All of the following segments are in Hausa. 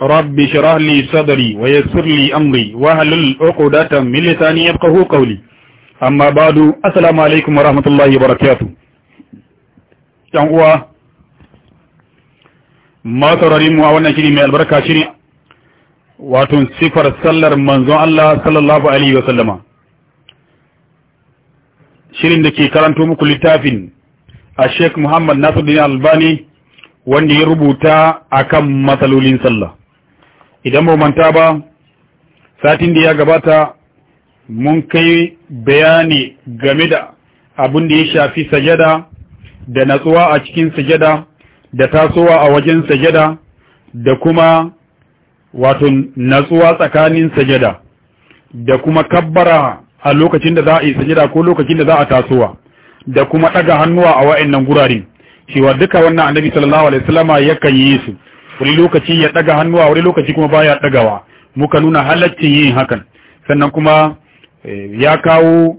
Rabbi رب شرح لي صدري ويسر لي أمري وهلل عقدة من لساني يفقه قولي أما بعد السلام wa rahmatullahi wa وبركاته ‘Yan uwa, masaurarin mu a wannan shiri mai albarka shi ne, wato sifar sallar manzon Allah sallallahu Alaihi sallama. Shirin da ke karanto muku littafin a Sheikh Muhammad Nasiruddin Albani wanda ya rubuta akan matsalolin sallah. idan ba manta ba satin da ya gabata mun kai bayani game da abin da ya shafi sajada da natsuwa a cikin sajada da tasowa a wajen sajada da kuma wato natsuwa tsakanin sajada da kuma kabbara a lokacin da za a yi sajada ko lokacin da za a tasowa da kuma ɗaga hannuwa a wa'annan gurare cewa duka wannan annabi sallallahu alaihi wasallama yakan yi su wani lokaci ya ɗaga hannuwa wani lokaci kuma baya ɗagawa muka nuna halaccin yin hakan sannan kuma eh, ya kawo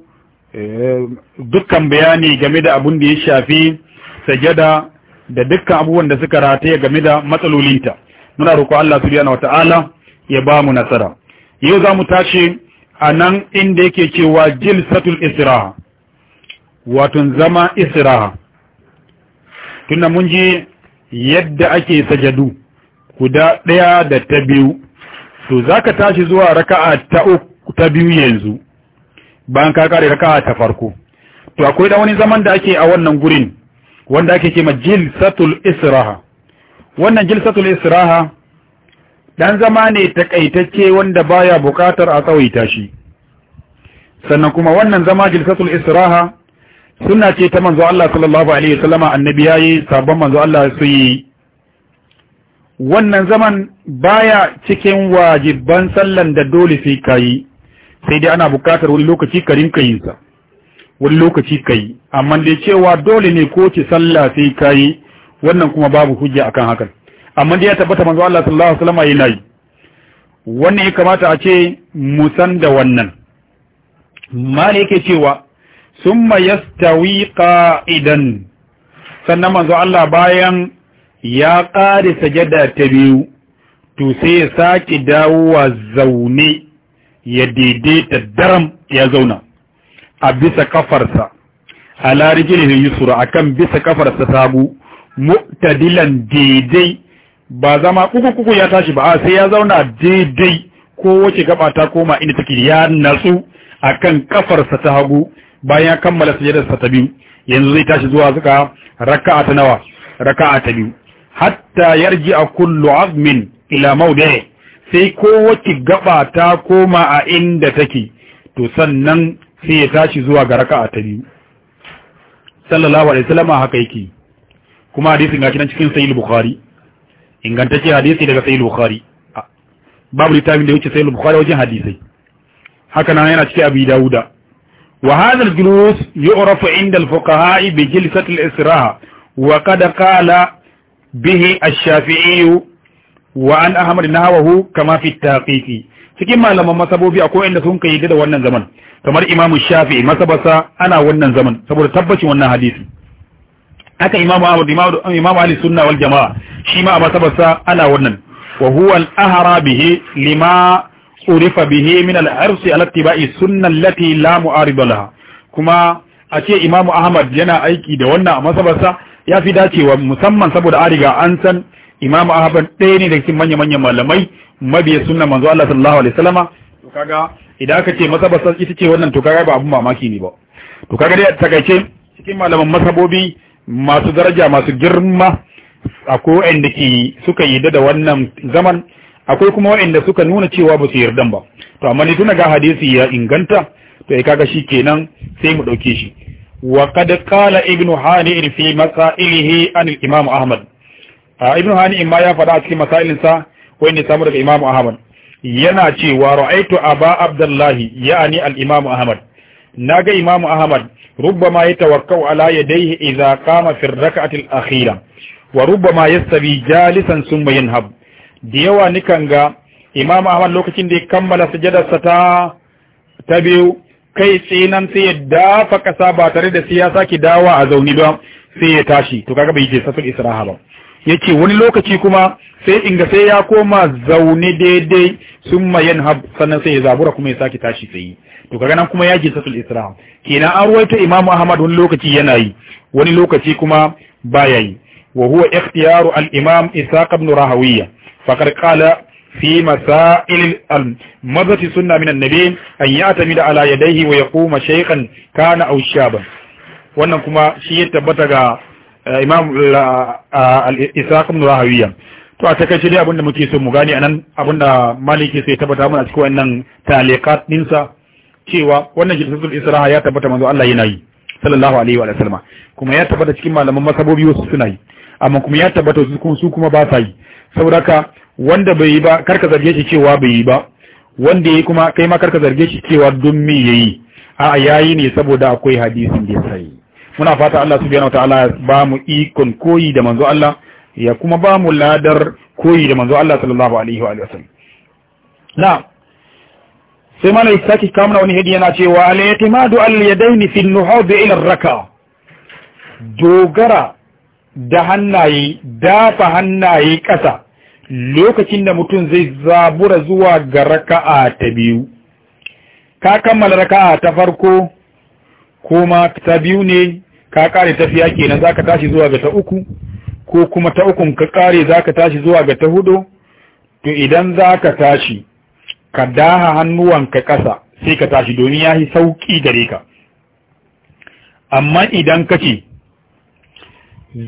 eh, dukkan bayani game da abun da ya shafi sajada da dukkan abubuwan da suka rataya game da matsalolinta muna roƙo Allah subhanahu wata'ala ya ba mu nasara yau za mu tashi a nan inda yake cewa jilsatul israha wato zama israha tunda mun ji yadda ake sajadu guda ɗaya da ta biyu to za ka tashi zuwa raka'a ta biyu yanzu bayan ka kare raka'a ta farko to akwai da wani zaman da ake a wannan gurin wanda ake ce ma jilsatul israha wannan jilsatul israha ɗan zama ne takaitacce wanda baya bukatar a tsawaita shi sannan kuma wannan zama jilsatul israha suna ce ta manzo Allah sallallahu alaihi wasallama annabi yayi sabon manzo Allah su yi wannan zaman baya cikin wajibban sallan da dole sai ka yi sai dai ana bukatar wani lokaci ka rinka yin sa wani lokaci ka yi amma dai cewa dole ne ko ci sallah sai ka yi wannan kuma babu hujja akan hakan amma dai ya tabbata manzo Allah sallallahu alaihi wasallam yana yi wannan ya kamata a ce mu san da wannan mali yake cewa summa yastawi qa'idan sannan manzo Allah bayan ya ƙare sajada ta biyu to sai ya sake wa zaune ya daidaita daram ya zauna a bisa kafarsa a larijin yusura kan bisa kafarsa sabu mu'tadilan daidai ba zama kuku ya tashi ba sai ya zauna daidai ko wace gaba ta koma inda take ya natsu kan kafarsa ta hagu bayan ya kammala sajadarsa ta biyu yanzu zai tashi zuwa zuka raka'a ta nawa raka'a ta biyu hatta yarji a kullu azmin ila maude sai kowace gaba ta koma a inda take to sannan sai ya tashi zuwa ga raka'a ta biyu sallallahu alaihi wasallam haka yake kuma hadisin ga kinan cikin sahih bukhari ingantacce hadisi daga sahih bukhari babu litamin da yake sahih bukhari wajen hadisi haka nan yana cikin abi dauda wa hadha al-julus yu'rafu 'inda al-fuqaha'i bi jilsati al wa qad qala bihi ash-shafi'i wa an ahmad nahawahu kama fi taqiqi cikin malaman masabobi akwai inda sun kai da wannan zaman kamar imam shafi'i masabasa ana wannan zaman saboda tabbacin wannan hadisi haka imam ahmad imam Ali sunna wal jamaa shi ma a masabasa ana wannan wa huwa al-ahra bihi lima urifa bihi min al-irsi ala ittiba'i sunna allati la mu'arida laha kuma a ce imam ahmad yana aiki da wannan a masabarsa ya fi dacewa musamman saboda an riga an san imamu ahmad ɗaya ne da cikin manya-manyan malamai mabiya sunan manzo Allah sallallahu alaihi wasallama to kaga idan aka ce masa sa ita ce wannan to kaga ba abun mamaki ne ba to kaga dai gaice cikin malaman masabobi masu daraja masu girma akwai wa'anda ke suka yi da wannan zaman akwai kuma wa'anda suka nuna cewa ba su yarda ba to amma ni tuna ga hadisi ya inganta to ai kaga kenan sai mu dauke shi وقد قال ابن هاني في مسائله عن الامام احمد ابن هاني ما يا فدا في مسائلنسا وين سامو دك امام احمد yana cewa ra'aitu aba abdullahi yani al-imam ahmad ga imam ahmad rubbama yatawakkau ala yadayhi idha qama fi ar-rak'ati al-akhira wa rubbama yastabi jalisan thumma yanhab diyawa ga imam ahmad lokacin da ya kammala sujada sa ta tabiu kai nan sai ya dafa kasa ba tare da siyasa ki dawa a zauni ba sai ya tashi to kaga bai je sasul israha ba yace wani lokaci kuma sai inga sai ya koma zaune daidai summa yanhab sannan sai ya zabura kuma ya sake tashi sai to kaga nan kuma ya je sasul israha kenan an ruwaita imamu ahmad wani lokaci yana yi wani lokaci kuma baya yi wa huwa ikhtiyaru al-imam isaq ibn rahawiyya faqad qala fi al-mazzotti في مسائل مضت سنة من النبي أن يعتمد على يديه ويقوم شيخا كان أو شابا wannan kuma shi ya tabbata ga imam al-isaq ibn rahawiya to a takaice dai abinda muke so mu gane anan abinda maliki sai tabbata mana cikin wannan taliqat dinsa cewa wannan jilsatul israha ya tabbata manzo Allah yana yi sallallahu alaihi wa sallama kuma ya tabbata cikin malaman masabobi wasu suna yi amma kuma ya tabbata su kuma ba sa yi sauraka wanda bai yi ba karka zarge shi cewa bai yi ba wanda yayi kuma kai ma karka zarge shi cewa dun me yayi a yayi ne saboda akwai hadisin da ya sai muna fata Allah subhanahu wataala ya ba mu ikon koyi da manzo Allah ya kuma ba mu ladar koyi da manzo Allah sallallahu alaihi wa sallam na sai mana isaki kamuna wani hadiya na cewa al yatimadu al-yadaini fi an-nuhud ila ar-raka dogara da hannaye dafa hannaye ƙasa lokacin da mutum zai zabura zuwa ga raka'a ta biyu ka kammala raka'a ta farko kuma ta biyu ne ka kare tafiya kenan zaka tashi zuwa ga ta uku ko kuma ta ukun ka kare ka tashi zuwa ga ta hudu to idan zaka tashi ka daha ka ƙasa sai ka tashi domin yayi sauƙi gare ka amma idan kace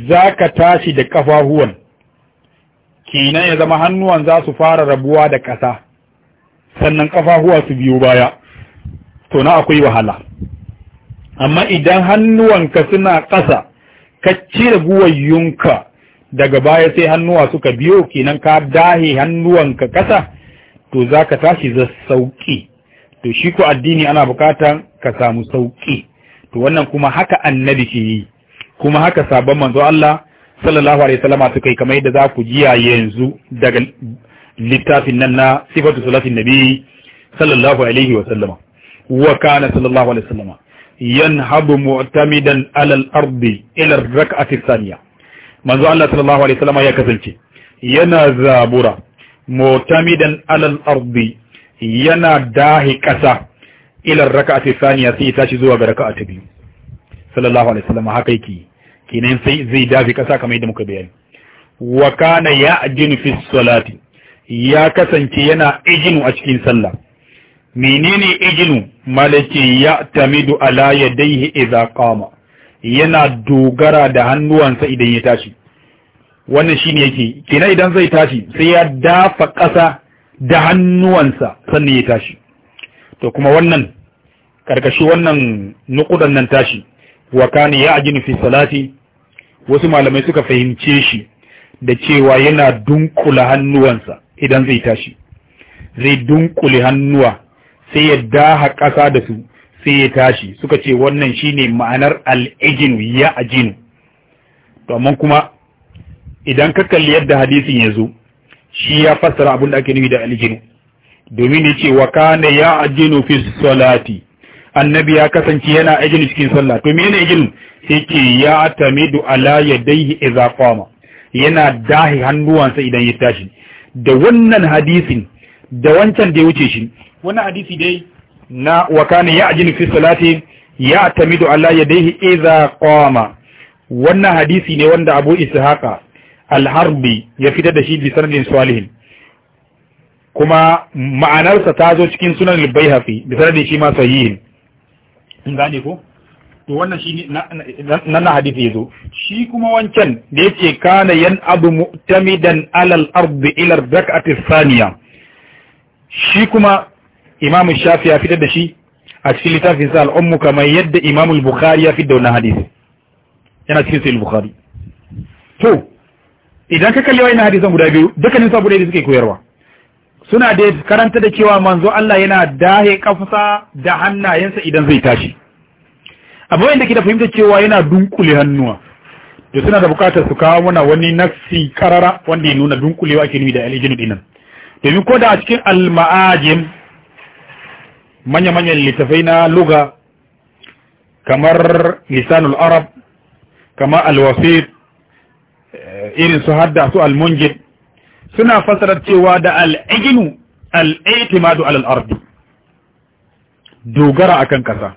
zaka tashi da kafahuwan kenan ya zama hannuwan za su fara rabuwa da ƙasa sannan ƙafafuwa su biyu baya to na akwai wahala amma idan hannuwanka suna ƙasa ka cire guwayyunka daga baya sai hannuwa suka biyo kenan ka dahe hannuwanka ƙasa to za ka tashi za sauƙi to shi ko addini ana buƙatan ka samu sauƙi to wannan kuma haka annabi ke yi kuma haka sabon manzo Allah sallallahu alaihi wasallama suka yi kamar yadda za ku jiya yanzu daga littafin nan na sifatu salatin nabi sallallahu alaihi wasallama wa kana sallallahu alaihi wasallama yanhabu mu'tamidan ala al-ardi ila ar-rak'ati ath-thaniya manzo Allah sallallahu alaihi wasallama ya kasance yana zabura mu'tamidan ala al-ardi yana dahi kasa ila ar-rak'ati ath-thaniya sai tashi zuwa ga raka'a ta biyu sallallahu alaihi wasallama haka yake kinan sai zai dafi kasa kamar yadda muka bayani wa kana ya'jinu fi salati ya kasance yana ijinu a cikin sallah menene ijinu malaki ya tamidu ala yadayhi idza qama yana dogara da hannuwansa idan ya tashi wannan shine yake kina idan zai tashi sai ya dafa ƙasa da hannuwansa sannan ya tashi to kuma wannan karkashi wannan nukudan nan tashi wa kana ya'jinu fi salati wasu malamai suka fahimce shi da cewa yana dunkula hannuwansa idan zai tashi zai dunkule hannuwa sai ya daha ƙasa da su sai ya tashi suka ce wannan shi ne ma'anar al'ijinu ya ajinu to kuma idan ka kalli yadda hadisin ya zo shi ya fassara abin da ake nufi da al'ijin domin ya ce wa kana ya ajinu fi salati annabi ya kasance yana ajin cikin sallah to menene ajin yake ya tamidu ala yadayhi idza qama yana dahi hannuwansa idan ya tashi da wannan hadisin da wancan da ya wuce shi wannan hadisi dai na wa kana ya ajin fi salati ya tamidu ala yadayhi idza qama wannan hadisi ne wanda Abu Ishaqa al-Harbi ya fitar da shi bi sanadin salihin kuma ma'anarsa ta zo cikin sunan al-Baihaqi bi sanadin shi ma sahihin kun gane ko to wannan shi nan na hadisi yazo shi kuma wancan da yace kana yan abu mu'tamidan alal ardi ila rak'ati thaniya shi kuma imam shafi ya fitar da shi a cikin littafin sa al'ummu kamar yadda imamu bukhari ya fitar da wannan hadisi yana cikin sahih bukhari to idan ka kalli wannan hadisan guda biyu dukkanin sabu da suke koyarwa suna da karanta da cewa manzo Allah yana dahe kafsa da hannayensa idan zai tashi amma wanda ke da fahimta cewa yana dunkule hannuwa da suna da bukatar su kawo mana wani nafsi karara wanda ya nuna dunkulewa ake nufi da alijinu dinan domin ko da a cikin alma'ajin manya-manyan littafai na luga kamar lisanul arab kamar alwasir eh, irin su hadda su almunjid suna fasara cewa da al'ajinu al'itimadu al'ardi dogara akan kasa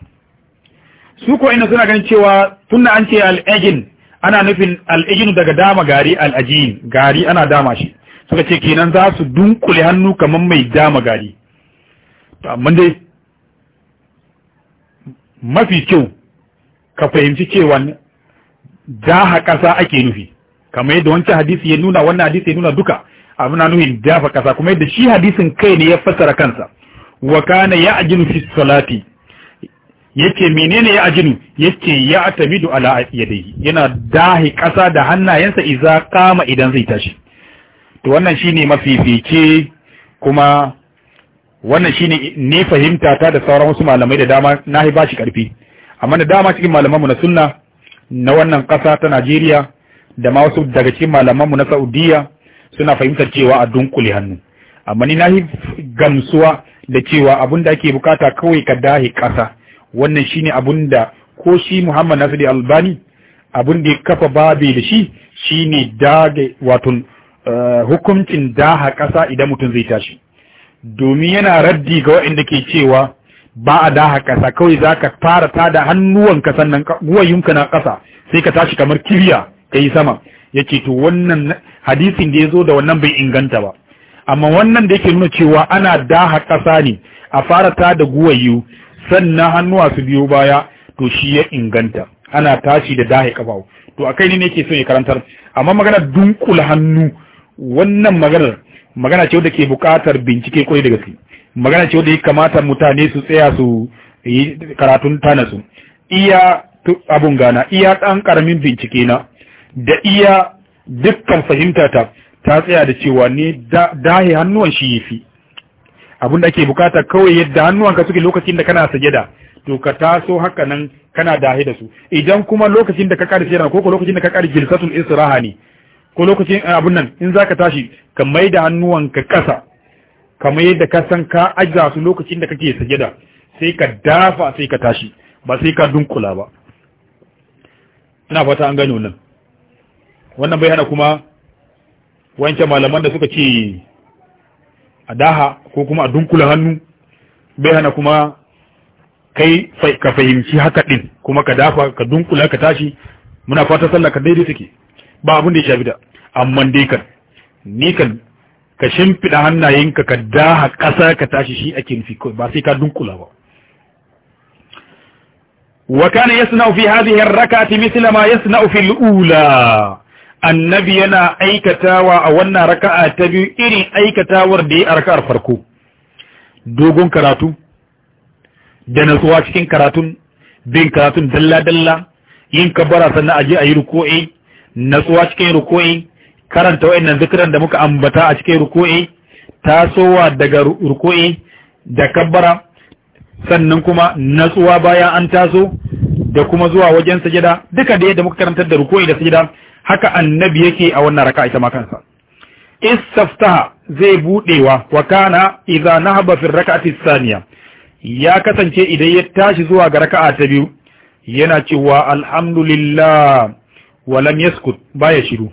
su ko ina suna ganin cewa tun da an ce al'ajin ana nufin al'ajin daga dama gari al'ajin gari ana dama shi suka ce kenan za su dunkule hannu kamar mai dama gari amma dai mafi kyau ka fahimci cewa jaha ƙasa ake nufi kamar yadda wancan hadisi ya nuna wannan hadisi ya nuna duka abin na nufin dafa ƙasa kuma yadda shi hadisin kai ne ya fassara kansa wa kana ya'jinu fi salati yace menene ya ajinu yace ya atamidu ala yadayhi yana dahi kasa da hannayensa idza kama idan zai tashi to wannan shine mafifice kuma wannan shine ne fahimta ta da sauran wasu malamai da dama nahi bashi karfi amma da dama cikin malamanmu na sunna na wannan kasa ta Najeriya da ma wasu daga cikin malamanmu na Saudiya suna fahimtar cewa a dunkule hannu amma ni nahi gamsuwa da cewa abin da ake bukata kawai ka dahi kasa wannan shine abun da ko shi Muhammad Nasiru Albani abun da ya kafa babi da shi shine dage wato eh, hukuncin daha ƙasa idan mutum zai tashi domin yana raddi ga waɗanda ke cewa ba a daha ƙasa kawai za ka fara tada hannuwanka sannan guwayunka na ƙasa sai ka tashi kamar kiriya ka yi sama ya to wannan hadisin da ya zo da wannan bai inganta ba amma wannan da yake nuna cewa ana daha ƙasa ne a fara tada guwayu sannan hannuwa su biyo baya to shi ya inganta ana tashi da dahe kafawo to akai ne yake so ya karantar amma magana dunkul hannu wannan maganar magana ce wadda ke buƙatar bincike kwai da gaske magana ce wadda ya kamata mutane su tsaya su yi karatun tana su iya abun gana iya dan karamin bincike na da iya dukkan fahimta ta ta tsaya da cewa ne dahe hannuwan shi yafi abinda ake bukata kawai yadda hannuwanka suke lokacin da kana sajada to ka taso haka nan kana dahi da su idan kuma lokacin da ka kare sajada ko lokacin da ka kare jilsatul israha ne ko lokacin eh, abun nan in zaka tashi ka mai da hannuwanka kasa kamar yadda ka san ka ajza su lokacin da kake sajada sai ka dafa sai ka tashi ba sai ka dunkula ba ina fata an gano nan wannan bai hana kuma wancan malaman da suka ce a daha ko kuma a dunkula hannu bai hana kuma kai ka fahimci haka din kuma ka dafa ka dunkula ka tashi muna fata sallah ka daidai take ba abin da ya shafi da amma dai kan ni kan ka shimfiɗa hannayenka ka daha ƙasa ka tashi shi ake nufi ba sai ka dunkula ba wa kana yasna'u fi hadhihi ar-rak'ati mithla ma yasna'u fi ula annabi yana aikatawa a wannan raka'a ta biyu irin aikatawar da ya a raka'ar farko dogon karatu da natsuwa cikin karatun bin karatun dalla-dalla yin kabara sannan aje a yi ruko'i natsuwa cikin ruko'i karanta wa'annan zikiran da muka ambata a cikin ruko'i tasowa daga ruko'i da kabara, sannan kuma nasuwa bayan an taso da kuma zuwa wajen sajada duka da yadda muka karantar da ruko'i da sajada haka annabi yake a wannan raka ita ma kansa istaftaha zai budewa wa kana idza nahaba fi raka'ati thaniya ya kasance idan ya tashi zuwa ga raka'a ta biyu yana cewa alhamdulillah wa lam yaskut baya shiru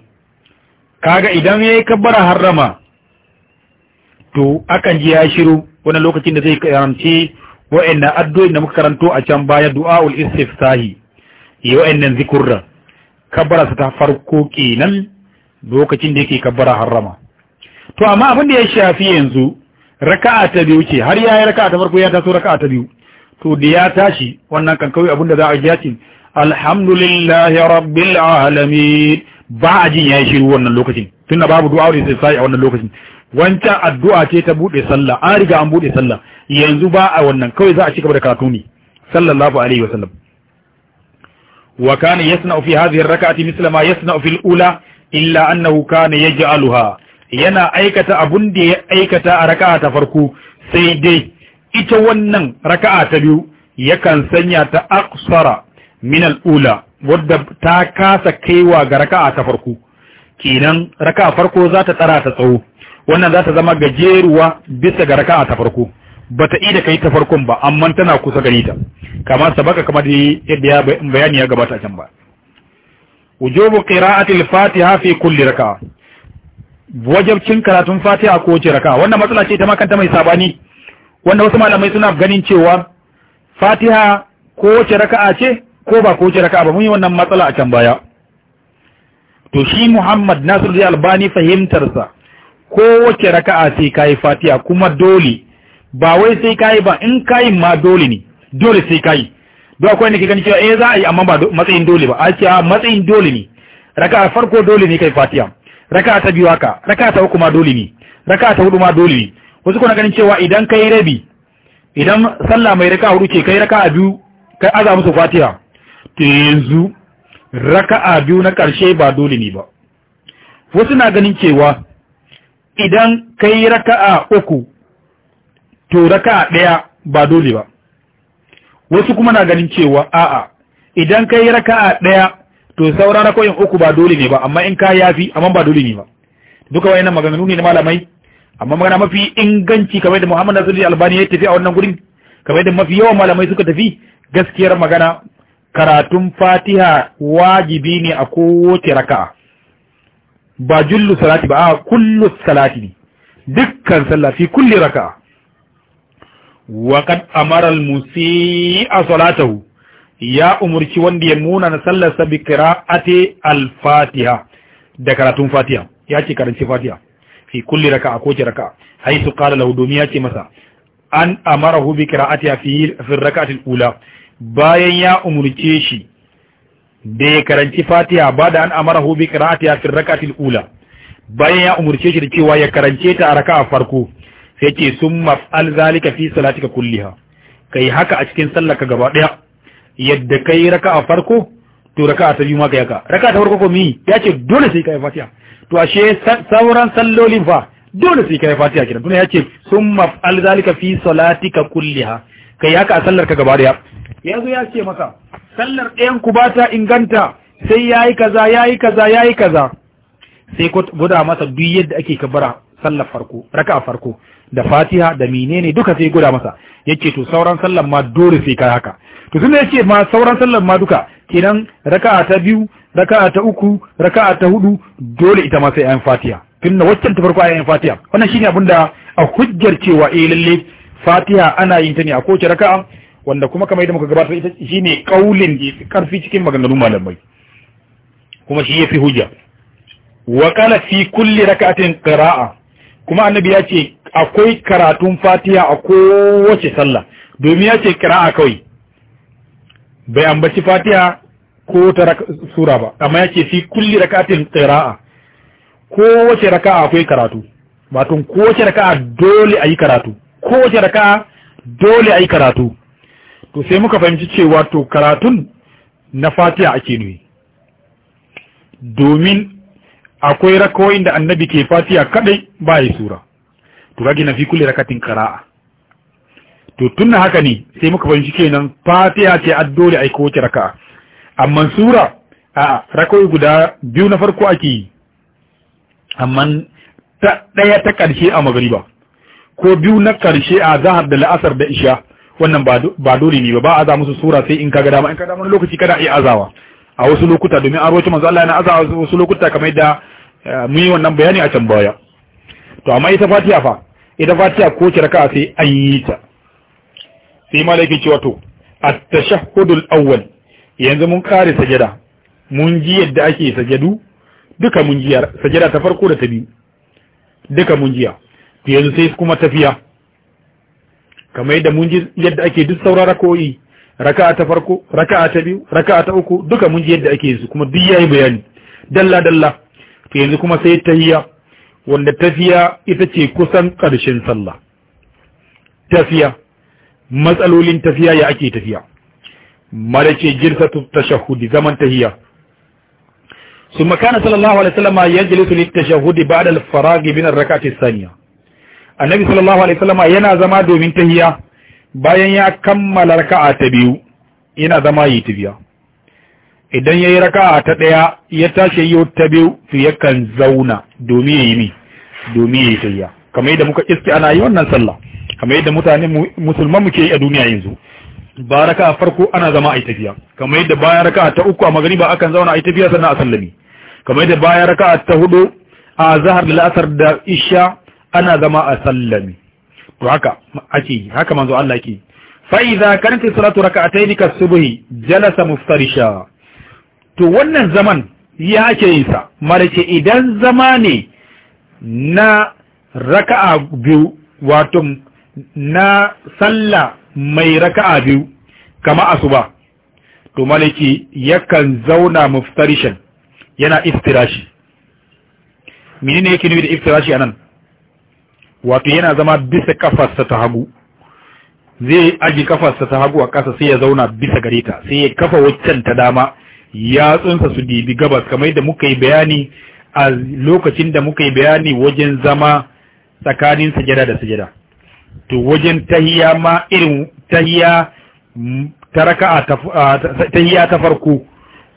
kaga idan yayi kabbara harrama to akan ji ya shiru wannan lokacin da zai karamce wa'annan addu'o'in da muka karanto a can baya du'aul istiftahi annan zikurra kabbara ta farko kenan lokacin da yake kabbara harrama to amma abin da ya shafi yanzu raka'a ta biyu ce har yayi raka'a ta farko ya taso raka'a ta biyu to da ya tashi wannan kan kawai za a ji yace alhamdulillahi rabbil alamin ba a jin yayi shiru wannan lokacin tunda babu du'a da sai a wannan lokacin wancan addu'a ce ta bude sallah an riga an bude sallah yanzu ba a wannan kawai za a ci gaba da karatu ne sallallahu alaihi wasallam وكان يصنع في هذه الركعة مثل ما يصنع في الأولى إلا أنه كان يجعلها yana aikata abun da ya aikata a raka'a ta farko sai dai ita wannan raka'a ta biyu yakan sanya ta aksara min ula wadda ta kasa kaiwa ga raka'a ta farko kenan raka'a farko za ta tsara ta tsawo wannan za ta zama gajeruwa bisa ga raka'a ta farko bata ida kai ta farkon ba amma tana kusa gani ta kama sabaka kamar yadda ya bayani ya gabata can ba wujubu qira'ati al-fatiha fi kulli raka'a wajabcin karatun fatiha ko wace raka'a wannan matsala ce ta ma kanta mai sabani wanda wasu malamai suna ganin cewa fatiha ko wace raka'a ce ko ba ko wace raka'a ba mun yi wannan matsala a can baya to shi Muhammad Nasiru Albani fahimtarsa ko wace raka'a sai kai fatiha kuma dole ba wai sai kayi ba in kayi ma dole ne dole sai kayi don akwai ne ke gani cewa eh za a yi amma ba matsayin dole ba a ce matsayin dole ne raka farko dole ne kai fatiya raka ta biyu haka raka ta uku ma dole ne raka ta hudu ma dole ne wasu kuna ganin cewa idan kai rabi idan sallah mai raka hudu ce kai raka biyu kai aza musu fatiya to yanzu raka'a biyu na karshe ba dole ne ba wasu na ganin cewa idan kai raka'a uku to raka ɗaya ba dole ba wasu kuma na ganin cewa a'a idan kai raka'a ɗaya to saura rakoyin uku ba dole ne ba amma in ka yafi amma ba dole ne ba duka wayannan maganganu ne na malamai amma magana mafi inganci kamar da Muhammad Nasiru Albani ya tafi a wannan gurin kamar da mafi yawan malamai suka tafi gaskiyar magana karatun Fatiha wajibi ne a kowace raka'a ba jullu salati ba a kullu salati ne dukkan sallah fi kulli raka'a wa kad amara al-musi'a ya umurci wanda ya muna na sallarsa bi qira'ati al-fatiha da karatun fatiha ya ce karanci fatiha fi kulli raka'a ko raka'a haisu qala lahu ce masa an amarahu bi qira'atiha fi fi rak'ati al-ula bayan ya umurce shi da ya karanci fatiha ba da an amarahu bi fi bayan ya umurce shi da cewa ya karance ta a raka'a farko sai ce sun maf'al zalika fi salatika kulliha kai haka a cikin sallarka gaba daya yadda kai raka a farko to raka ta biyu maka yaka haka raka ta farko ko mi ya ce dole sai kai fatiha to ashe sauran sallolin fa dole sai kai fatiha kiran tuna ya ce sun maf'al zalika fi salatika kulliha kai haka a sallarka gaba daya yanzu ya ce maka sallar ɗayan ku ba ta inganta sai yayi kaza yayi kaza yayi kaza sai gwada masa duk yadda ake kabara sallar farko raka a farko da fatiha da menene duka sai guda masa yace to sauran sallan ma dole sai kai haka to tunda yace ma sauran sallan ma duka kenan raka'a ta biyu raka'a ta uku raka'a ta hudu dole ita ma sai ayin fatiha tunda waccan ta farko ayin fatiha wannan shine abinda a hujjar cewa eh lalle fatiha ana yin ta ne a kowace raka'a wanda kuma kamar yadda muka gabatar ita shine kaulin karfi cikin maganganun malamai kuma shi yafi hujja wa qala fi kulli raka'atin qira'a kuma annabi ya ce akwai karatun Fatiya a kowace sallah domin ya ce kira'a kawai bai ambaci Fatiya ko ta sura ba amma ya ce fi kulli rakatin kira'a kowace raka'a akwai karatu wato kowace raka'a dole ayi karatu kowace raka'a dole ayi karatu to sai muka fahimci cewa to karatun na Fatiya ake nuyi domin akwai rakawoyin da annabi ke Fatiya kadai ba yi sura to na fi kulli rakatin qira'a to tunna haka ne sai muka fahimci kenan fatiha ce addole ai kowace raka'a amma sura a rakoi guda biyu na farko ake yi amma ta daya ta karshe a magriba ko biyu na karshe a zahar da la'asar da isha wannan ba dole ne ba ba aza musu sura sai in ka ga dama in ka dama wani lokaci kada iya azawa a wasu lokuta domin an roci manzo Allah yana azawa wasu lokuta kamar da eh, mun yi wannan bayani a can baya to amma ita Fatiha fa idan fatiha ko ki raka'a sai an yi ta sai malaki ce wato at-tashahhudul awwal yanzu mun kare sajada mun ji yadda ake sajadu duka mun jiya sajada ta farko da ta biyu duka mun jiya yanzu sai kuma tafiya kamar yadda mun ji yadda ake duk sauran rakoyi raka'a ta farko raka'a ta biyu raka'a ta uku duka mun ji yadda ake su kuma duk yayi bayani dalla dalla to yanzu kuma sai tahiyya wanda tafiya ita ce kusan ƙarshen sallah tafiya matsalolin tafiya ya ake tafiya mara ce girsa tashahudi zaman tahiya su makana sallallahu alaihi wasallam ya jili su tashahudi ba'da al-faragi min ar-rak'ati thaniya annabi sallallahu alaihi wasallam yana zama domin tafiya bayan ya kammala raka'a ta biyu yana zama yi tafiya idan ya yi raka'a ta ɗaya ya tashi yau ta biyu to yakan zauna domin ya yi mi domin ya yi tayya kamar yadda muka iske ana yi wannan sallah kamar yadda mutane musulman muke yi a duniya yanzu ba raka'a farko ana zama a yi tafiya kamar yadda bayan raka'a ta uku a magariba akan zauna a yi tafiya sannan a sallami kamar yadda bayan raka'a ta hudu a zahar da la'asar da isha ana zama a sallami to haka ake haka manzo Allah ke fa idza kanat salatu raka'atayn ka subhi jalasa muftarisha to wannan zaman ya ake yin sa marake idan zama ne na raka'a biyu wato na sallah mai raka'a biyu kama asuba to malaki yakan zauna muftarishan yana iftirashi menene yake nufi da iftirashi nan? wato yana zama bisa kafarsa ta hagu zai aji kafarsa ta hagu a ƙasa sai ya zauna bisa gare ta sai ya kafa waccan ta dama yatsunsa su didi gabas kamar da muka yi bayani a lokacin da muka yi bayani wajen zama tsakanin sajada da sajada to wajen tahiya ma irin tahiya mm, ta a tahiya ta farko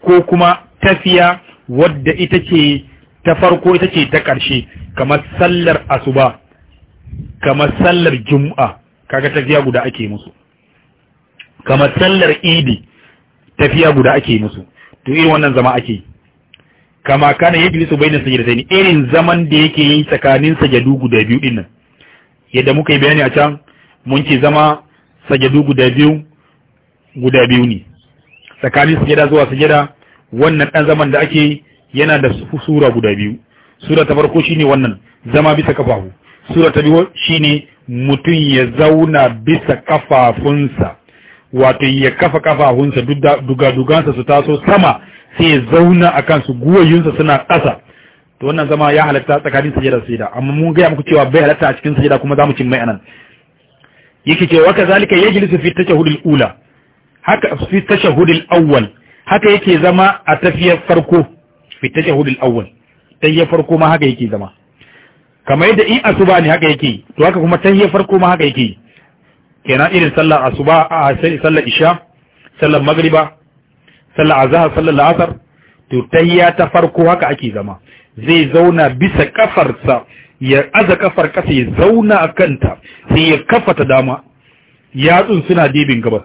ko kuma tafiya wadda ita ce ta farko ita ce ta ƙarshe kamar sallar asuba kamar sallar jum'a kaga tafiya guda ake musu kamar sallar idi tafiya guda ake musu to irin wannan zama ake kama kana yajlisu bainas ne irin zaman da yake yi tsakanin sajadu guda biyu din nan yadda muka yi bayani a can mun ce zama sajadu guda biyu guda biyu ne tsakanin sajada zuwa sajada wannan dan zaman da ake yana da sura guda biyu sura ta farko shine wannan zama bisa kafafu sura ta biyu shine mutum ya zauna bisa kafafunsa wato ya kafa duga dugadugansa su taso sama sai ya zauna a kansu guwayunsa suna ƙasa to wannan zama ya halatta tsakanin da sajada amma mun gaya muku cewa bai halatta a cikin sajada kuma za mu cin mai anan yake cewa waka zalika yajlisu fi tashahudil ula haka fi tashahudil awwal haka yake zama a tafiyar farko fi tashahudil awwal tahiyar farko ma haka yake zama kamar yadda in asuba ne haka yake to haka kuma tafiyar farko ma haka yake kenan irin sallar asuba a sallar isha sallar magriba sallar azhar sallar la'asar to tayya ta farko haka ake zama zai zauna bisa kafarsa ya aza kafar kasa ya zauna a kanta sai ya kafa ta dama yatsun suna dibin gabas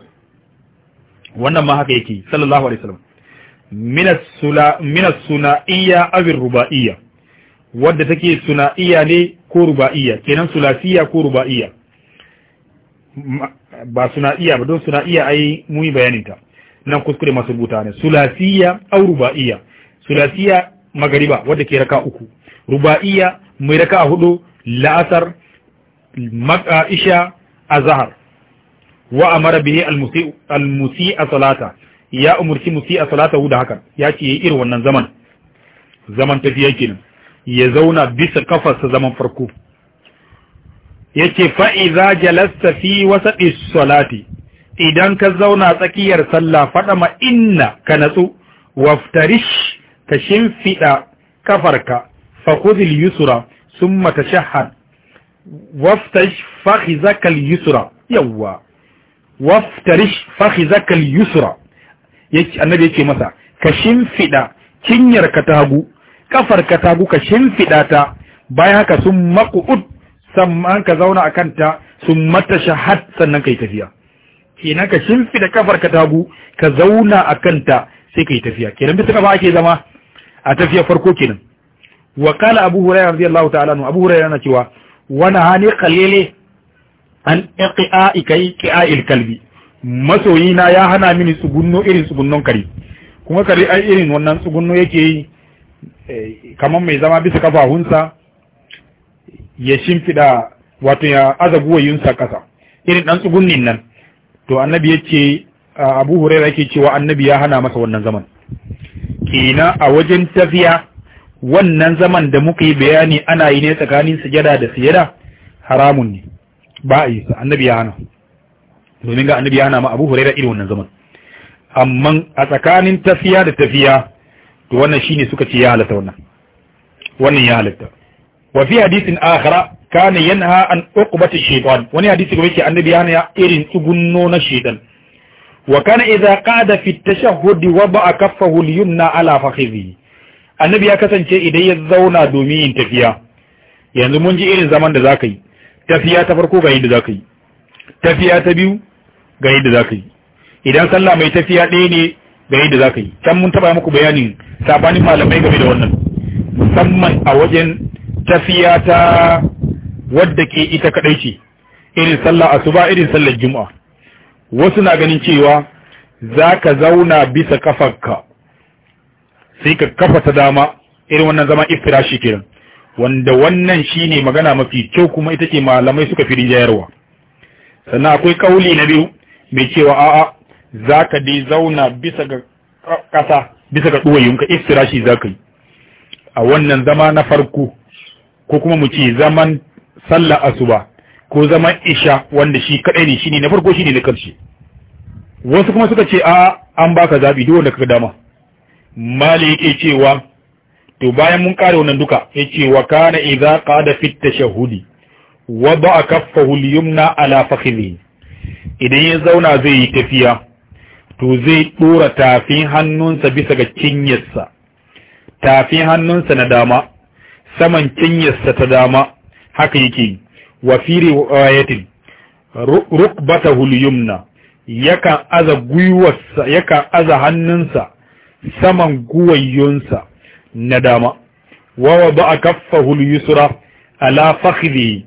wannan ma haka yake sallallahu alaihi wasallam minas suna'iyya abin ruba'iyya wadda take suna'iya ne ko ruba'iyya kenan sulasiya ko ruba'iyya ba suna iya ba don suna iya ai muyi yi bayaninta nan kuskure masu rubuta ne sulasiya au rubaiya sulasiya magariba wadda ke raka uku rubaiya mai raka hudu la'asar isha azhar wa mara bihi almusi a salata ya umurci musi a salata da hakan ya ce yi irin wannan zaman zaman tafiya kenan ya zauna bisa kafarsa zaman farko yace fa idza jalasta fi wasa salati idan ka zauna tsakiyar sallah faɗa ma inna ka natsu waftarish ka shimfida kafarka fa khudhil yusra thumma tashahhad waftarish fakhizaka al yawwa waftarish fakhizaka al-yusra yake annabi masa ka shimfida cinyar ka tagu kafar ka tagu ka shimfida ta bayan haka sun maqud samman ka zauna a kanta sun mata shahad sannan ka yi tafiya kenan ka shimfi da kafar ka tagu ka zauna a kanta sai ka yi tafiya kenan bisa kafa ake zama a tafiya farko kenan wa kala abu hurairah radiyallahu ta'ala nu abu hurairah yana cewa wani hani qalili an iqa'i kai qa'il kalbi masoyina ya hana mini tsugunno irin tsugunnon kare kuma kare ai irin wannan tsugunno yake yi eh, kamar mai zama bisa hunsa. ya shimfiɗa wato ya aza guwayunsa ƙasa irin ɗan tsugunnin nan to annabi ya ce abu huraira ke cewa annabi ya hana masa wannan zaman kina a wajen tafiya wannan zaman da muka yi bayani ana yi ne tsakanin sujada da sujada haramun ne ba a yi sa annabi ya hana domin ga annabi ya hana ma abu huraira irin wannan zaman amma a tsakanin tafiya da tafiya to wannan shine suka ce ya halatta wannan wannan ya halatta wa fi hadisin akhara kana yanha an uqbati shaytan wani hadisi gobe ce annabi ya hana irin tsugunno na shaytan wa kana fita qada fi at-tashahhud wada'a kaffahu al-yumna ala fakhidhi annabi ya kasance idan ya zauna domin yin tafiya yanzu mun ji irin zaman da zaka yi tafiya ta farko ga yadda zaka yi tafiya ta biyu ga yadda zaka yi idan sallah mai tafiya ɗaya ne ga yadda zaka yi can mun taba muku bayanin sabanin malamai game da wannan musamman a wajen tafiya ta wadda ke ita kadai ce irin sallah asuba irin sallar juma'a wasu na ganin cewa zaka zauna bisa kafarka sai ka kafa ta dama irin wannan zama iftirashi kiran wanda wannan shine magana mafi kyau kuma ita ce malamai suka fi jayarwa. sannan akwai ƙauli na biyu mai cewa a'a zaka dai zauna bisa ga kasa bisa ga duwayunka iftirashi zaka yi a wannan zama na farko ko kuma mu ce zaman sallah asuba ko zaman isha wanda shi kaɗai ne shine na farko shine na karshe wasu kuma suka ce a an baka zabi duk wanda kaga dama mali ya cewa to bayan mun kare wannan duka ya ce wa kana idza qada fi tashahhudi wada'a kaffahu al-yumna ala fakhidhi idan ya zauna zai yi tafiya to zai ɗora tafin hannunsa bisa ga cinyarsa tafin hannunsa na dama saman cinyarsa ta dama haka yake wa fi riwayatin rukbatahul yumna yakan aza gwiwarsa yakan aza hannunsa saman guwayyunsa na dama wa wada kaffahul yusra ala fakhidhi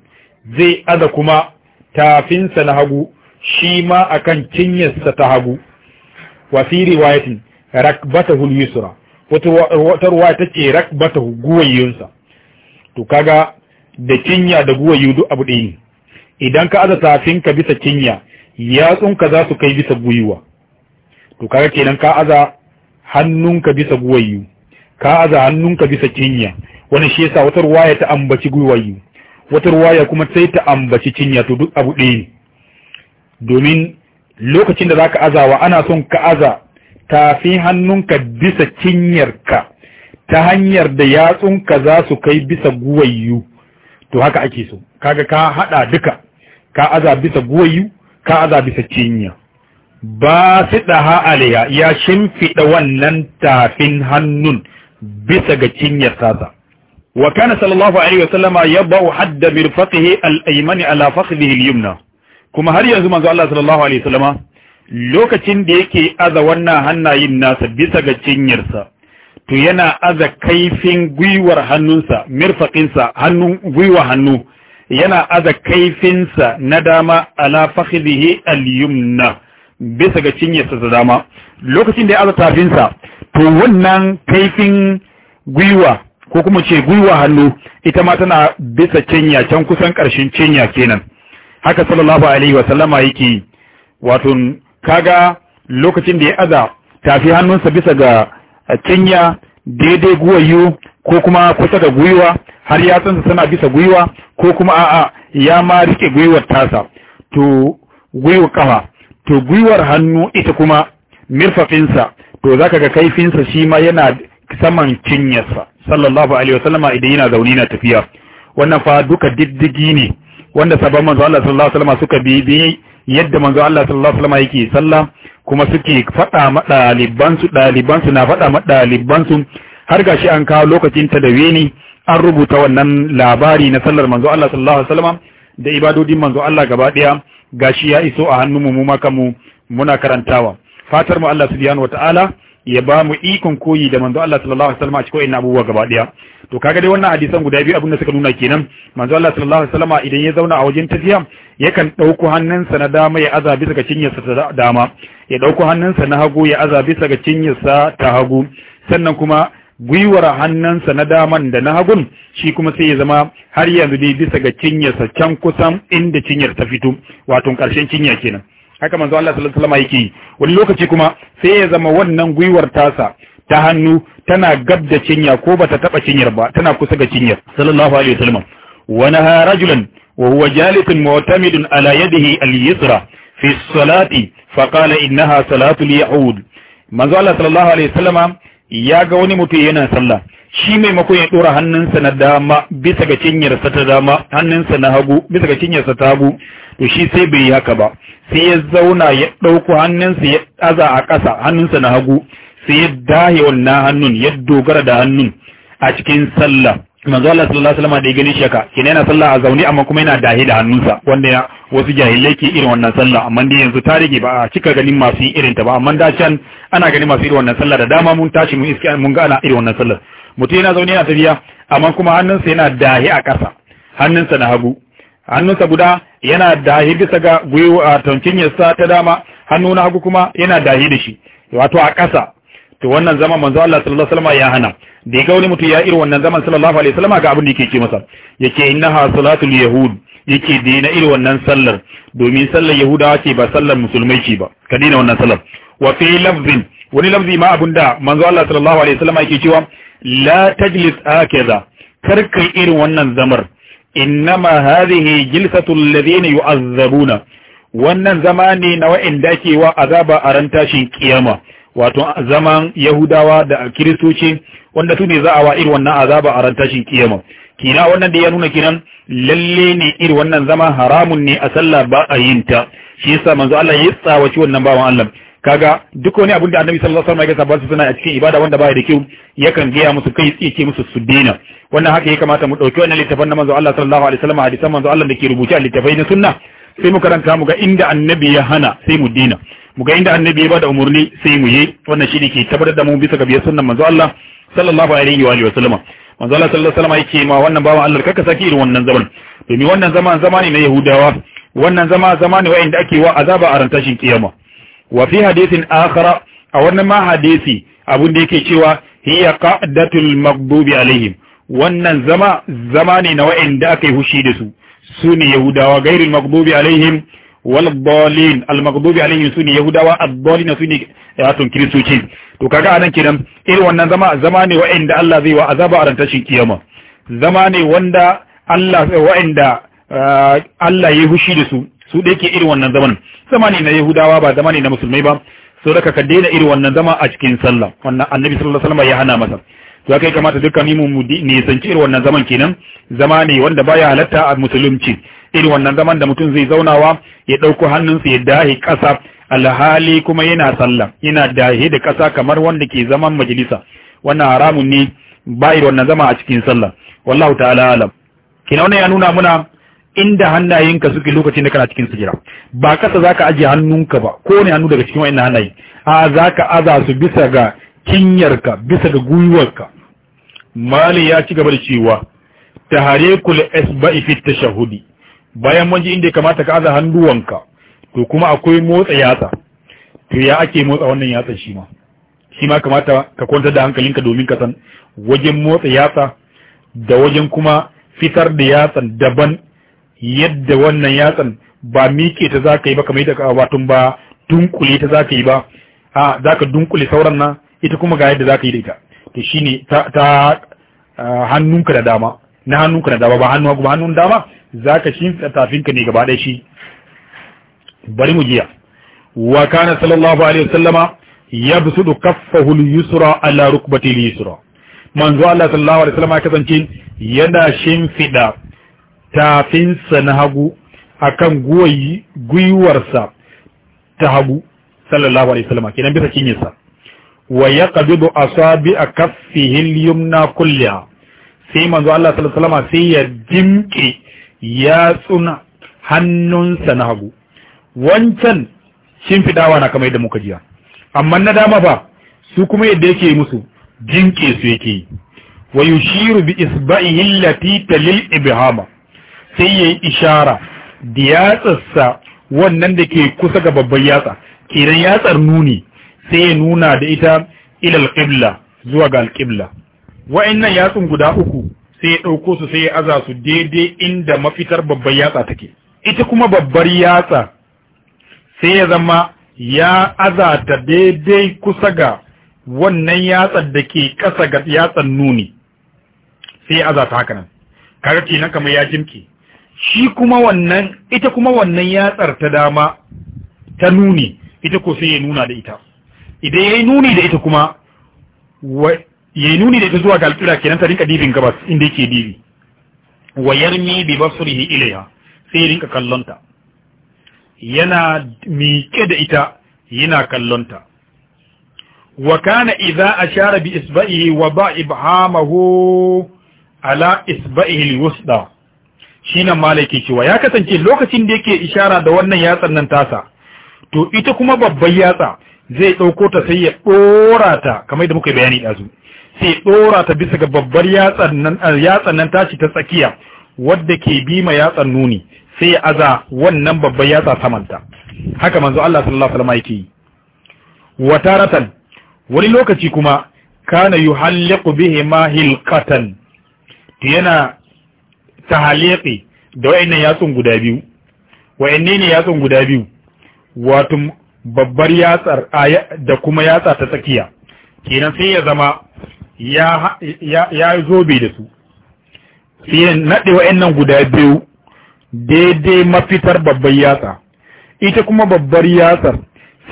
zai aza kuma tafinsa na hagu shi ma akan cinyarsa ta hagu wa fi riwayatin rakbatahul yusra wata ruwa ta ce rakbatahu guwayyunsa to kaga da kinya da guwa duk abu ɗaya ne idan ka aza ka bisa cinya yatsunka za su kai bisa guyuwa to kaga kenan ka aza hannunka bisa yu ka aza hannunka bisa kinya wani shi yasa wata ruwaya ta ambaci yu wata ruwaya kuma sai ta ambaci cinya to duk abu ɗaya ne domin lokacin da za zaka azawa ana son ka aza tafin hannunka bisa ka. ta hanyar da yatsunka za su kai bisa guwayu, to haka ake so kaga ka hada duka ka aza bisa guwayu ka aza bisa cinya ba su daha alaiya ya shimfiɗa wannan tafin hannun bisa ga cinyar sasa wa kana sallallahu alaihi wasallama ba hadda mirfaqihi al-aymani ala fakhdihi al-yumna kuma har yanzu manzo Allah sallallahu alaihi wasallama lokacin da yake aza wannan hannayin nasa bisa ga cinyarsa to yana aza kaifin gwiwar hannunsa mirfaƙinsa hannun gwiwa hannu yana aza kaifinsa na dama ala fakhidhihi al-yumna bisa ga cinyarsa da dama lokacin da ya aza tafinsa to wannan kaifin gwiwa ko kuma ce gwiwa hannu ita ma tana bisa cinya can kusan ƙarshen cinya kenan haka sallallahu alaihi wa sallama yake wato kaga lokacin da ya aza tafi hannunsa bisa ga a cinya daidai guwayo ko kuma kusa da gwiwa har ya yatsunsa suna bisa gwiwa ko kuma a'a ya ma rike gwiwar tasa to gwiwar kafa to gwiwar hannu ita kuma mirfafinsa to ka ga kaifinsa shi ma yana saman cinyarsa sallallahu alaihi sallama idan yana zaune na tafiya wannan fa duka diddigi ne wanda sabon manzo Allah sallallahu alaihi wasallama suka bi yadda manzo Allah sallallahu alaihi wasallam yake sallah kuma suke faɗa ma ɗaliban su su na faɗa ma ɗaliban su har gashi an kawo lokacin tadaweni an rubuta wannan labari na sallar manzo Allah sallallahu alaihi wasallam da ibadodin manzo Allah gaba daya gashi ya iso a hannun mu mu muna karantawa fatar mu Allah subhanahu wataala ya ba mu ikon koyi da manzo Allah sallallahu alaihi wasallam a cikin abubuwa gaba daya to kaga dai wannan hadisan guda biyu abin da suka nuna kenan manzo Allah sallallahu alaihi wasallam idan ya zauna a wajen tafiya yakan dauko hannunsa na dama ya azabi bisa cinyarsa ta dama ya dauko hannunsa na hagu ya azabi bisa cinyarsa ta hagu sannan kuma gwiwar hannunsa na daman da na hagun shi kuma sai ya zama har yanzu dai bisa ga cinyarsa can kusan inda cinyar ta fito wato karshen cinya kenan haka manzo Allah sallallahu alaihi wasallam yake wani lokaci kuma sai ya zama wannan gwiwar tasa ta hannu tana gab da cinya ko bata taba cinyar ba tana kusa ga cinyar sallallahu alaihi wasallam wa naha rajulan wa huwa jalisun mu'tamidun ala yadihi al-yusra fi salati fa qala innaha salatu al manzo Allah sallallahu alaihi wasallam ya ga wani mutum yana sallah shi maimakon ya ɗora hannunsa na dama bisa ga cinyarsa ta dama hannunsa na hagu bisa ga cinyarsa ta hagu to shi sai bai yi haka ba sai ya zauna ya ɗauko hannunsa ya ɗaza a ƙasa hannunsa na hagu sai ya dahe wannan hannun ya dogara da hannun a cikin sallah manzo Allah sallallahu alaihi wasallam da ya gani shaka haka kina yana sallah a zaune amma kuma yana dahe da hannunsa wanda ya wasu jahilai ke irin wannan sallah amma dai yanzu ta rage ba a cika ganin masu irin ta ba amma da can ana ganin masu irin wannan sallah da dama mun tashi mun iska mun ga ana irin wannan sallah mutum yana zaune yana tafiya amma kuma hannunsa yana dahi a ƙasa hannunsa na hagu hannunsa guda yana dahi bisa ga gwiwa a yasa ta dama hannu na hagu kuma yana dahi da shi wato a ƙasa to wannan zama manzo Allah sallallahu alaihi wasallam ya hana da ga wani mutum ya irin wannan zaman sallallahu alaihi wasallam ga abin da yake ce masa yake innaha salatul yahud yake dina irin wannan sallar domin sallar yahudawa ce ba sallar musulmai ce ba ka dina wannan sallar wa fi lafzin wani lafzi ma abunda manzo Allah sallallahu alaihi wasallam yake cewa la tajlis akeza karkai irin wannan zamar innama hadhihi jilsatul ladina yu'azzabuna wannan zama ne na wa'inda ke wa azaba a ran tashin kiyama wato zaman yahudawa da kiristoci wanda su ne za a wa irin wannan azaba a ran tashin kiyama kina wannan da ya nuna kinan lalle ne irin wannan zama haramun ne a sallah ba a yin ta shi yasa manzo Allah ya tsawaci wannan bawan Allah kaga duk wani abin da annabi sallallahu alaihi wasallam ya saba suna a cikin ibada wanda baya da kyau yakan gaya musu kai tsiye ke musu su dena wannan haka ya kamata mu dauki wannan littafin na manzo Allah sallallahu alaihi wasallam hadisan manzo Allah da ke rubuce a littafai na sunna sai mu karanta mu ga inda annabi ya hana sai mu dena mu ga inda annabi ya bada umurni sai mu yi wannan shi ne ke tabbatar da mu bisa ga biyar sunnan manzo Allah sallallahu alaihi wa alihi wasallam manzo Allah sallallahu alaihi wasallam yake ma wannan bawan Allah kaka saki irin wannan zaman domin wannan zaman zama ne na Yahudawa wannan zama zama ne wa'inda ake wa azaba a rantashin kiyama wa fi hadisin akhara a wannan ma hadisi abin da yake cewa hiya qa'datul maghdubi alaihim wannan zama zama ne na wa'anda aka yi hushi da su su ne yahudawa gairil maghdubi alaihim wal dalin al maghdubi alaihim su ne yahudawa ad dalin su ne yatun eh, kristoci to kaga anan kenan irin wannan zama zama ne wa'anda Allah zai wa azaba a ran kiyama zama ne wanda Allah wa'anda eh, Allah ya hushi da su su da yake irin wannan zaman ne na yahudawa ba zama ne na musulmai ba sau da ka daina irin wannan zama a cikin sallah wannan annabi sallallahu alaihi wasallam ya hana masa to kai kamata dukkan mu mu nisanci irin wannan zaman kenan zama ne wanda baya halatta a musulunci irin wannan zaman da mutum zai zaunawa ya dauko hannunsa ya dahi kasa alhali kuma yana sallah yana dahi da kasa kamar wanda ke zaman majalisa wannan haramun ne ba irin wannan zama a cikin sallah wallahu ta'ala alam kina wannan ya nuna muna inda hannayenka suke lokacin da kana cikin sujira ba kasa zaka aje hannunka ba ko ne hannu daga cikin wayannan a'a a zaka aza su bisa ga kinyarka bisa ga gwiwarka mali ya ci gaba da cewa taharikul isba'i fi tashahudi bayan mun ji inda kamata ka aza hannuwanka to kuma akwai motsa yatsa to ya ake motsa wannan yatsa shi ma shi ma kamata ka kwantar da hankalinka domin ka san wajen motsa yatsa da wajen kuma fitar da yatsan daban yadda wannan yatsan ba miƙe ta za ka yi ba kamar yadda wato ba dunkule ta za ka yi ba a za ka dunkule sauran nan ita kuma ga yadda za ka yi da ita to shi ne ta hannunka da dama na hannunka da dama ba hannu ba hannun dama za ka shi tafinka ne gaba ɗaya shi bari mu jiya wa kana sallallahu alaihi wasallama yabsudu kaffahu al-yusra ala rukbati al-yusra manzo Allah sallallahu alaihi wasallama kasance yana shimfida tafinsa na hagu akan goyi gwiwarsa ta hagu sallallahu alaihi wasallam kenan bisa cinyarsa wa yaqbidu asabi akaffihi al-yumna kulliha sai manzo Allah sallallahu alaihi wasallam sai ya dimke ya tsuna hannunsa na hagu wancan shimfidawa na kamar yadda muka jiya amma na dama fa su kuma yadda yake musu dinke su yake wa yushiru bi isba'ihi allati talil ibhama sai ya yi ishara da yatsarsa wannan da ke kusa ga babban yatsa kiran yatsar nuni sai ya nuna da ita ilal qibla zuwa ga alqibla wa'annan yatsun guda uku sai ya dauko su sai ya aza su daidai inda mafitar babban yatsa take ita kuma babbar yatsa sai ya zama ya aza ta daidai kusa ga wannan yatsar da ke kasa ga yatsan nuni sai ya aza ta haka nan kaga kenan kamar ya jimke shi kuma wannan ita kuma wannan yatsar ta dama ta nuni ita ko sai ya nuna da ita idan yayi nuni da ita kuma yayi nuni da ita zuwa ga alƙira kenan ta rinka dibin gabas inda yake dibi wa yarmi bi basrihi ilayha sai rinka kallonta yana miƙe da ita yana kallonta wa kana idza ashara bi isba'ihi wa ba ibhamahu ala isba'ihi alwusda shi nan malaki cewa ya kasance lokacin da yake ishara da wannan yatsan nan tasa to ita kuma babban yatsa zai ɗauko ta sai ya ɗora ta kamar da muka bayani ɗazu sai ɗora ta bisa ga babbar yatsan nan tashi ta tsakiya wadda ke bi ma yatsan nuni sai ya aza wannan babbar yatsa samanta haka manzo Allah sallallahu alaihi wasallam yake wa taratan wani lokaci kuma kana yuhalliqu bihi ma hilqatan yana tahaliqi da wayannan yatsun guda biyu wayanne ne yatsun guda biyu wato babbar yatsar da kuma yatsa ta tsakiya kenan sai ya zama ya ya zobe da su sai ya nade wayannan guda biyu daidai mafitar babbar yatsa ita kuma babbar yatsar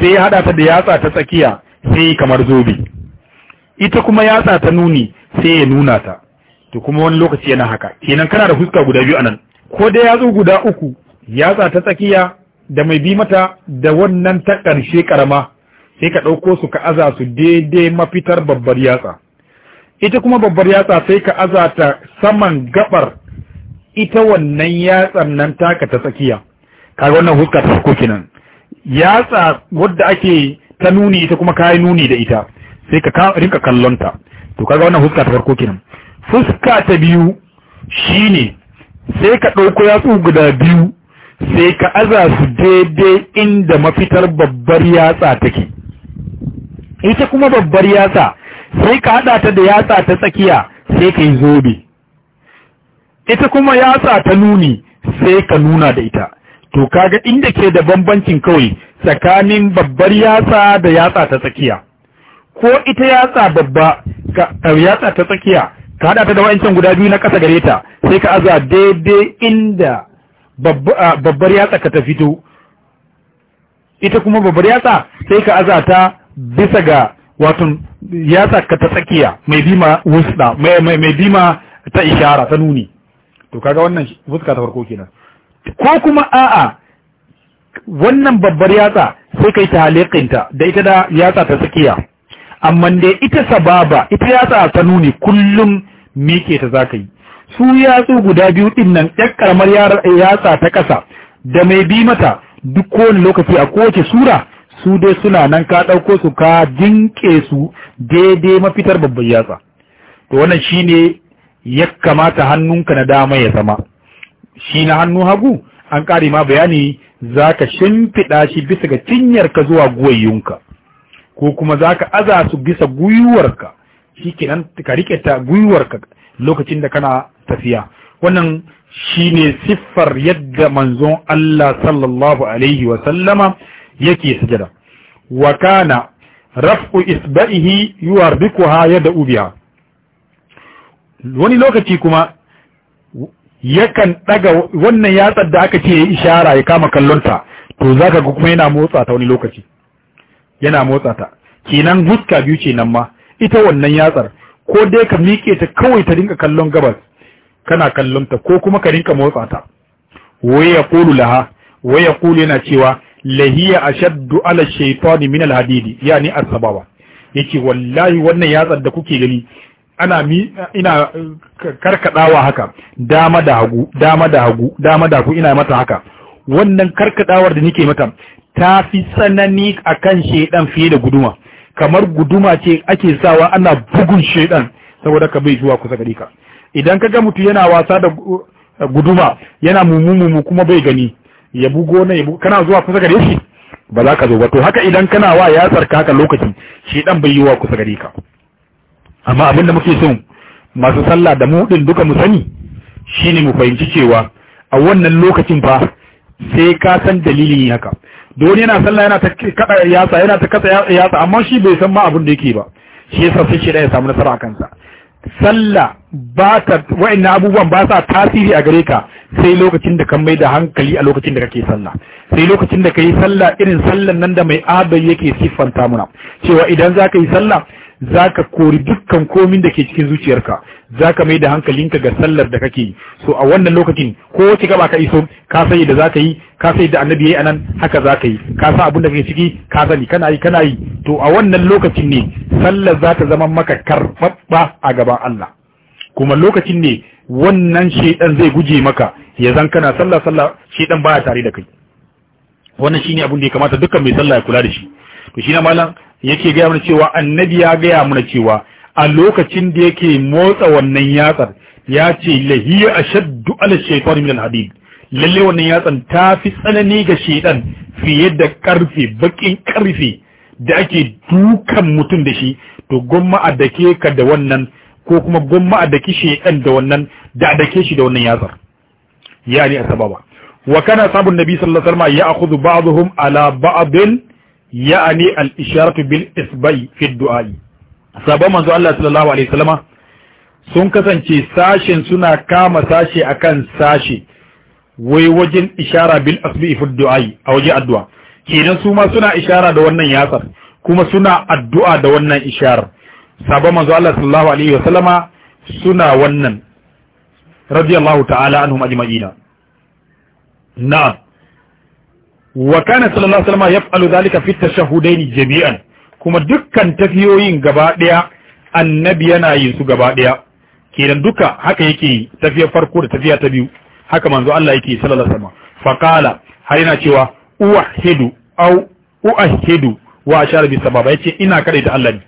sai ya hada ta da yatsa ta tsakiya sai kamar zobe ita kuma yatsa ta nuni sai ya nuna ta to kuma wani lokaci yana haka kenan kana da fuska guda biyu anan ko da zo guda uku yatsa ta tsakiya da mai bi mata da wannan ta ƙarshe ƙarama sai ka ɗauko su ka aza su daidai mafitar babbar yatsa ita kuma babbar yatsa sai ka aza ta saman gabar ita wannan yatsan nan taka ta tsakiya kaga wannan huska ta farko kenan yatsa wadda ake ta nuni ita kuma kayi nuni da ita sai ka rinka kallonta to kaga wannan huska ta farko kenan fuska ta biyu shine sai ka ɗauko yatsu guda biyu sai ka aza su daidai inda mafitar babbar yatsa take ita kuma babbar yatsa sai ka haɗa ta da yatsa ta tsakiya sai ka yi zobe ita kuma yatsa ta nuni sai ka nuna da ita to kaga inda ke da bambancin kawai tsakanin babbar yatsa da yatsa ta tsakiya ko ita yatsa babba yatsa ta tsakiya ka haɗa ta da wa'ancan guda biyu na ƙasa gare ta sai ka aza daidai inda babbar yatsa ka ta fito ita kuma babbar yatsa sai ka aza ta bisa ga wato yatsa ka ta tsakiya mai bima wusta mai bima ta ishara ta nuni to kaga wannan fuska ta farko kenan ko kuma a'a wannan babbar yatsa sai ka yi ta halikinta da ita da yatsa ta tsakiya amma dai ita sababa ita yatsa a sanu ne kullum meke ta zaka yi su yatsu guda biyu din nan ɗan karamar yatsa ta ƙasa da mai bi mata duk kowane lokaci a kowace sura su dai suna nan ka ɗauko su ka jinƙe su daidai mafitar babban yatsa to wannan shine ya kamata hannunka na dama ya zama shi na hannu hagu an ƙare ma bayani zaka shimfiɗa shi bisa ga cinyarka zuwa guwayyunka ko kuma za ka aza su bisa gwiwarka shi kenan ka rike ta gwiwarka lokacin da kana tafiya wannan shi ne siffar yadda manzon Allah sallallahu alaihi wasallama yake sujada wa kana raf'u isba'ihi yuwarrikuha yadda ubiya wani lokaci kuma yakan daga wannan yatsar da aka ce ya ishara ya kama kallonta to zaka ga kuma yana motsa ta wani lokaci yana motsa ta kenan huska biyu ce nan ma ita wannan yatsar ko dai ka miƙe ta kawai ta rinka kallon gabas kana kallon ta ko kuma ka rinka motsa ta waye ya kulu laha waye ya kulu yana cewa lahiya ashaddu ala shaytani min alhadidi yani asbaba yace wallahi wannan yatsar da kuke gani ana mi ina karkadawa haka dama da hagu dama da hagu dama da hagu ina mata haka wannan karkadawar da nake mata ta fi tsanani a kan shaidan fiye da guduma kamar guduma ce ake sawa ana bugun shaidan saboda ka bai zuwa kusa gari ka idan ka ga mutum yana wasa da eh, guduma yana mumumumu kuma bai gani ya bugo na ya bugo kana zuwa kusa gari shi ba za ka zo ba to haka idan kana wa ya tsarka haka lokaci shaidan bai yi wa kusa gari ka amma abinda muke son masu sallah da mu din duka mu sani shine mu fahimci cewa a wannan lokacin fa sai ka san dalilin haka da yana sallah yana ta kada yatsa yana ta kasa yatsa amma shi bai san ma abun da yake ba shi yasa sai shi da ya samu nasara a kansa sallah ba ta wa'annan abubuwan ba sa tasiri a gare ka sai lokacin da ka mai da hankali a lokacin da kake sallah sai lokacin da ka sallah irin sallan nan da mai adal yake siffanta muna cewa idan za ka yi sallah zaka kori dukkan komin da ke cikin zuciyarka zaka mai da hankalinka ga sallar da kake so a wannan lokacin ko wace gaba ka iso ka sai da zaka yi ka sai da annabi yayi anan haka zaka yi ka sa abin da kake ciki ka sani kana yi kana yi to a wannan lokacin ne sallar za ta zama maka karfafa a gaban Allah kuma lokacin ne wannan shedan zai guje maka ya zan kana sallah sallah shedan baya tare da kai wannan shine abin da ya kamata dukkan mai sallah ya kula da shi to shi na malam yake gaya mana cewa annabi ya gaya mana cewa a lokacin da yake motsa wannan yatsar ya ce a ashaddu ala shaytan min al lalle wannan yatsan ta fi tsanani ga shaidan fiye da karfe bakin karfe da ake dukan mutum da shi to gwamma a dake ka da wannan ko kuma gwamma a daki shaidan da wannan da dake shi da wannan yatsar a sababa wa kana sabon nabi sallallahu alaihi wasallam ya'khudhu ba'dhum ala ba'din ya'ani al-isharatu bil isbai fi du'ai sabon manzo Allah sallallahu alaihi Salama sun kasance sashen suna kama sashe a kan sashe wai wajen ishara bil asbi fi du'ai a waje addu'a kenan su ma suna ishara da wannan yasar kuma suna addu'a da wannan isharar sabon manzo Allah sallallahu alaihi Salama suna wannan radiyallahu ta'ala anhum ajma'ina na'am wa kana sallallahu alaihi wasallam yaf'alu dhalika fi tashahudaini jami'an kuma dukkan tafiyoyin gaba daya annabi yana yin su gaba daya kenan duka haka yake tafiyar farko da tafiya ta biyu haka manzo Allah yake sallallahu alaihi wasallam faqala har yana cewa uwahidu au uahidu wa ashara bi sababa yace ina ita Allah ne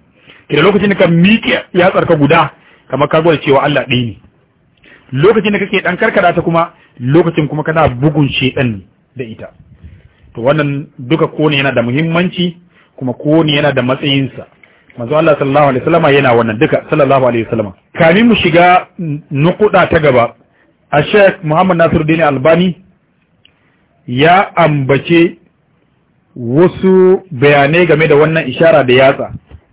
kenan lokacin da ka miƙe ya tsarka guda kamar ka gwada cewa Allah ɗaya ne lokacin da kake dan karkara ta kuma lokacin kuma kana bugun shedan da ita to wannan duka kone yana da muhimmanci kuma kone yana da matsayinsa manzo Allah sallallahu alaihi wasallam yana wannan duka sallallahu alaihi wasallam kamin mu shiga nukuda ta gaba a Sheikh Muhammad Nasiruddin Albani ya ambace wasu bayanai game da wannan ishara da yatsa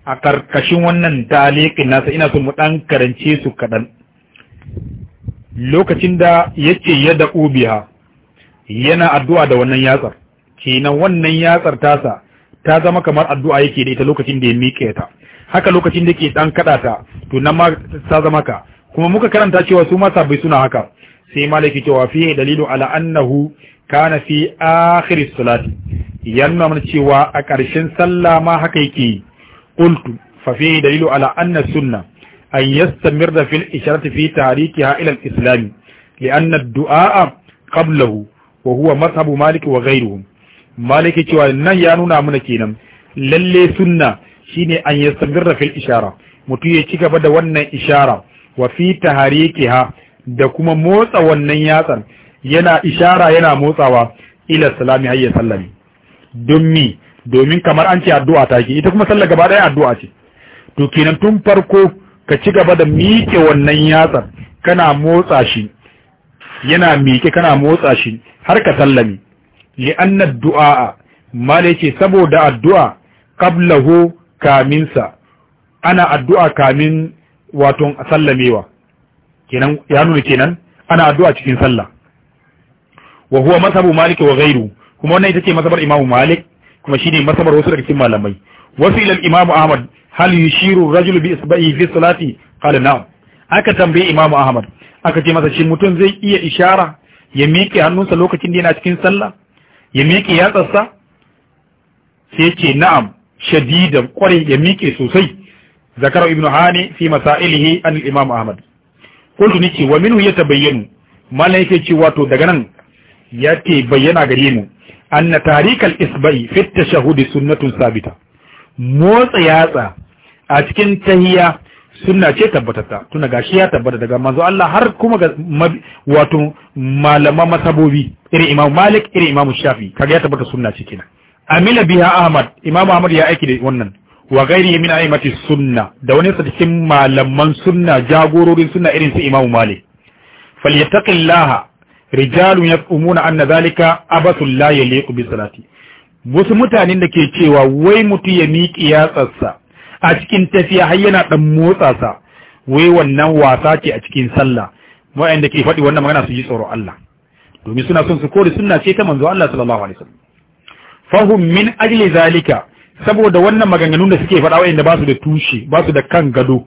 a karkashin wannan taliqin nasa ina so mu dan karance su kadan lokacin da yace ya da ubiha yana addu'a da wannan yatsar kenan wannan yatsar tasa ta zama kamar addu'a yake da ita lokacin da ya miƙe ta haka lokacin da ke dan kada ta to nan ma ta zama ka kuma muka karanta cewa su ma suna haka sai malaki cewa fi dalilu ala annahu kana fi akhir salati yanna mana cewa a ƙarshen sallah ma haka yake qultu fa fi dalilu ala anna sunna an yastamirra fil isharati fi tarikiha ila al-islam li anna ad-du'a qablahu wa huwa madhhabu malik wa ghayrihim malike cewa nan ya nuna mana kenan lalle sunna shine an yastamirra fil ishara Mutu ya ci gaba da wannan ishara wa fi taharikiha da kuma motsa wannan yatsan yana ishara yana motsawa ila salami hayya sallami dummi domin kamar an ce addu'a ta take ita kuma sallar gaba daya addu'a ce to kenan tun farko ka ci gaba da miƙe wannan yatsar kana motsa shi yana miƙe kana motsa shi har ka sallami li'anna du'a mal yake saboda addu'a qablahu kaminsa ana addu'a kamin wato sallamewa kenan ya nuna kenan ana addu'a cikin sallah wa huwa mazhabu malik wa ghayru kuma wannan ita ce mazhabar imam malik kuma shine mazhabar wasu daga cikin malamai wasu ila imam ahmad hal yushiru rajul bi isba'i fi salati qala na'am aka tambaye imam ahmad aka ce masa shi mutum zai iya ishara ya miƙe hannunsa lokacin da yana cikin sallah ya miƙe yatsarsa sai ce na'am shadidan kwarai ya miƙe sosai zakarar ibnu hani fi masailihi an imam ahmad kullu nake wa minhu yatabayyanu malai yake ce wato daga nan yake bayyana gare mu anna tarikal isba'i fi tashahhud sunnatun sabita motsa yatsa a cikin tahiya sunna ce tabbatatta tuna gashi ya tabbata daga manzo Allah har kuma ga wato malama masabobi irin Imam Malik irin Imam Shafi kaga ya tabbata sunna ce kina amila biha Ahmad Imam Ahmad ya aiki da wannan wa gairi min aimati sunna da wani sa cikin malaman sunna jagororin sunna irin su Imam Malik falyattaqillaha rijalu yaqumuna anna zalika abasul la yaliqu bi salati wasu mutanen da ke cewa wai mutu ya miƙi yatsarsa a cikin tafiya har yana dan motsa sa wai wannan wasa ce a cikin sallah wa'anda ke faɗi wannan magana su ji tsoro Allah domin suna son su kore sunna ce ta manzo Allah sallallahu alaihi wasallam fahum min ajli zalika saboda wannan maganganun da suke faɗa wa'anda ba su da tushe ba su da kan gado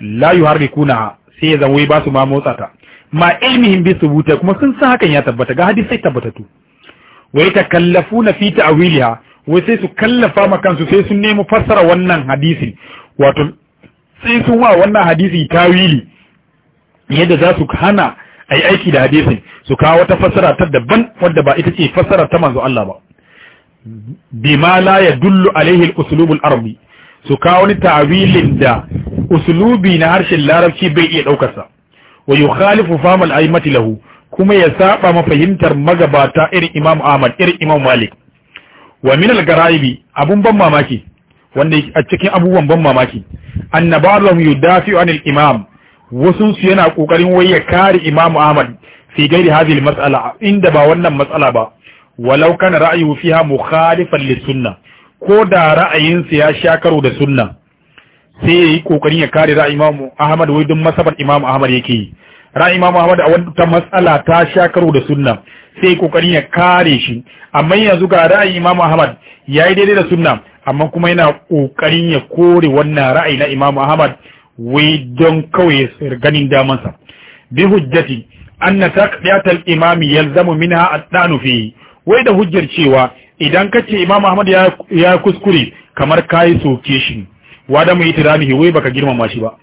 la yuharrikuna sai ya zama wai ba su ma motsa ta ma ilmihim bi subuta kuma sun san hakan ya tabbata ga hadisi tabbatatu wa yatakallafuna fi ta'wiliha wai sai su kallafa ma kansu sai sun nemi fassara wannan hadisi wato sai sun wa wannan hadisi tawili yadda za su hana a yi aiki da hadisin su kawo wata fassara ta daban wadda ba ita ce fassara ta manzo Allah ba Bimala la dullu alaihi al-uslubul arabi su kawo ni tawilin da uslubi na harshen larabci bai iya daukarsa wa yukhalifu famal aimati lahu kuma ya saba mafahimtar magabata irin Imam Ahmad irin Imam Malik wa min al-garaibi abun ban mamaki wanda a cikin abubuwan ban mamaki annabahum yudafi'u anil imam wasu su yana kokarin wai ya kare Imam ahmad fi gairi hadhihi al-mas'ala inda ba wannan matsala ba walau kana ra'ayuhu fiha mukhalifan lis ko da ra'ayinsa ya sha karo da sunna sai ya yi kokarin ya kare ra'ayin ahmad wai don masabar Imam ahmad yake yi ra'ayin ahmad a wata matsala ta sha karo da sunna sai kokarin ya kare shi amma yanzu ga ra'ayin Imam Ahmad yayi daidai da sunna amma kuma yana kokarin ya kore wannan ra'ayi na Imam Ahmad wai don kawai ganin damansa bi hujjati anna taqdiyat al-imam yalzamu minha at-tanu fi wai da hujjar cewa idan kace Imam Ahmad ya ya kuskure kamar kai soke shi wa da mu itirani wai baka girmama shi ba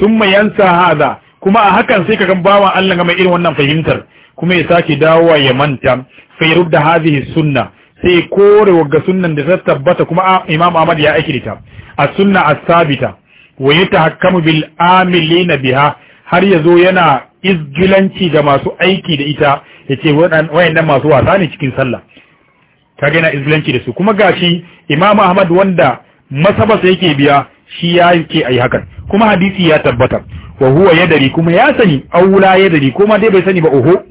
summa yansa haza kuma a hakan sai ka ga bawan Allah ga mai irin wannan fahimtar kuma ya sake dawowa ya manta fa da hadhihi sunna sai kore wagga sunnan da ta tabbata kuma imam ahmad ya aiki ta as-sunna as-sabita wa yatahakkamu bil amilina biha har yazo yana izgilanci ga masu aiki da ita yace wayannan masu wasa ne cikin sallah kage yana izgilanci da su kuma gashi imam ahmad wanda masabasa yake biya shi ya yake ayi hakan kuma hadisi ya tabbata wa huwa yadari kuma ya sani aula yadari kuma dai bai sani ba oho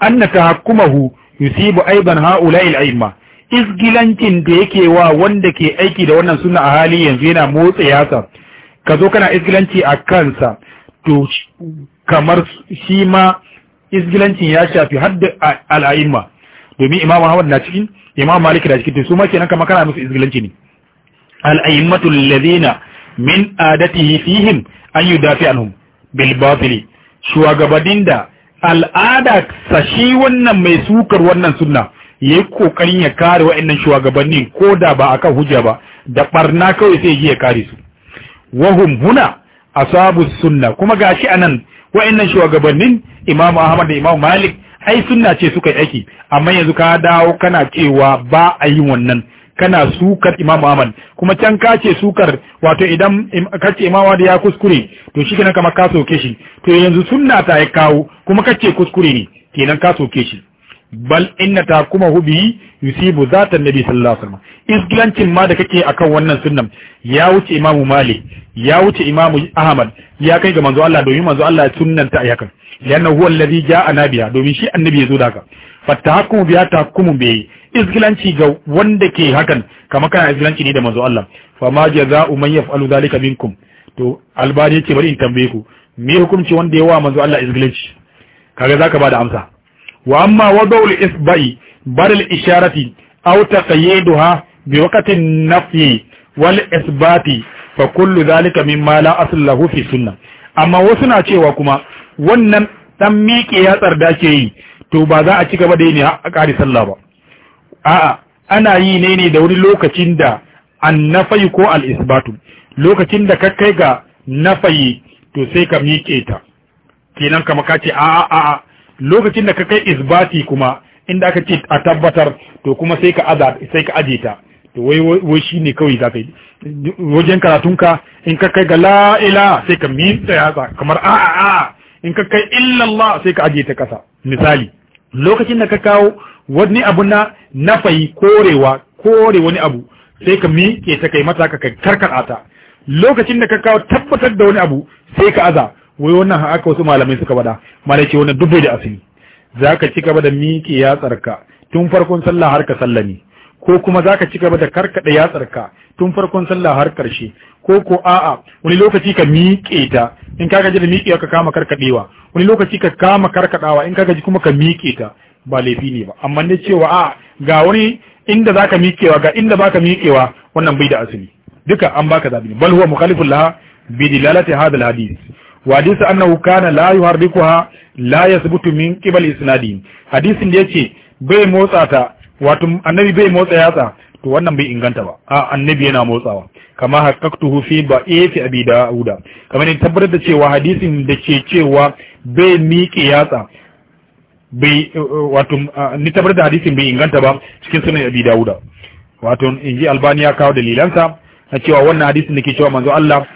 anna tahakkumahu yusibu aiban ha'ula'il a'imma isgilancin da yake wa wanda ke aiki da wannan suna a hali yanzu yana motsa yasa ka zo kana isgilanci a kansa to kamar shi ma isgilancin ya shafi hadda al'a'imma domin imamu hawan na cikin imamu malik da cikin su ma kenan kamar musu isgilanci ne al'a'immatul ladina min adatihi fihim an yudafi da al'ada sa shi wannan mai sukar wannan sunna ya yi kokarin ya kare wa'annan shugabanni ko da ba a kan hujja ba da ɓarna kawai sai ya kare su wahum huna a sabu sunna kuma gashi anan wa'annan shugabannin Imam Ahmad da Imam Malik ai sunna ce suka yi aiki amma yanzu ka dawo kana cewa ba a yi wannan kana sukar Imam Ahmad kuma can ka ce sukar wato idan ka ce Imam Ahmad ya kuskure to shi kenan kamar ka soke shi to yanzu sunna ta ya kawo kuma ka ce kuskure ne kenan ka soke shi bal inna ta kuma hubi yusibu zatan nabi sallallahu alaihi wasallam isgilancin ma da kake akan wannan sunnan ya wuce Imam Malik ya wuce imamu Ahmad ya kai ga manzo Allah domin manzo Allah sunnan ta ayyakan lanna huwa alladhi ja'a nabiya domin shi annabi ya zo da haka fattahakum biya tahkumun bi izgilanci ga wanda ke hakan kama kana izgilanci ne da manzo Allah fa ma jazaa'u man yaf'alu dhalika minkum to albani yace bari in tambaye ku me hukunci wanda ya wa manzo Allah izgilanci kaga zaka bada amsa wa amma ba'i isba'i badal isharati aw taqayyiduha bi waqtin nafyi wal isbati fa kullu dhalika mimma la asl lahu fi sunnah amma wasu na cewa kuma wannan dan miƙe yatsar tsarda ke yi to ba za a ci gaba da yi ne a ƙari sallah ba a'a ana yi ne ne da wani lokacin da annafai ko al-isbatu lokacin da ka kai ga nafai to sai ka miƙe ta kenan kama ka ce a'a a'a lokacin da ka kai isbati kuma inda aka ce a tabbatar to kuma sai ka aza sai ka aje ta to wai wai shine kawai za ka yi wajen karatunka in ka kai ga la ila sai ka miƙe ta kamar a'a a'a in ka kai illallah sai ka aje ta kasa misali lokacin da ka kawo wani abu na nafayi korewa kore wani abu sai ka miƙe ta kai mata ka karkar ta lokacin da ka kawo tabbatar da wani abu sai ka aza wai wannan haka wasu malamai suka bada malai ce wannan dubbe da asiri. za ka ci gaba da miƙe ya tsarka tun farkon sallah har ka sallami ko kuma za ka ci gaba da karkaɗa yatsarka tun farkon sallah har ƙarshe ko ko a'a wani lokaci ka miƙe ta in ka gaji da miƙewa ka kama karkaɗewa wani lokaci ka kama karkaɗawa in ka gaji kuma ka miƙe ta ba laifi ne ba amma ne cewa a'a ga wani inda za ka miƙewa ga inda ba ka miƙewa wannan bai da asali duka an baka zabi ne bal huwa mukhalifun laha bi dilalati hadha alhadith wa hadith annahu kana la yuharrikuha la yathbutu min qibal isnadin hadisin da yace bai motsa ta wato annabi bai motsa yatsa to wannan bai inganta ba a annabi yana motsawa kama haqqaqtuhu fi ba'ifi abi dauda kamar ne tabbatar da cewa hadisin da ke cewa bai miƙe yatsa bai eh, eh, wato ni tabbatar da hadisin bai inganta ba cikin sunan abi dauda wato in albani ya kawo dalilansa na cewa wannan hadisin da ke cewa manzo Allah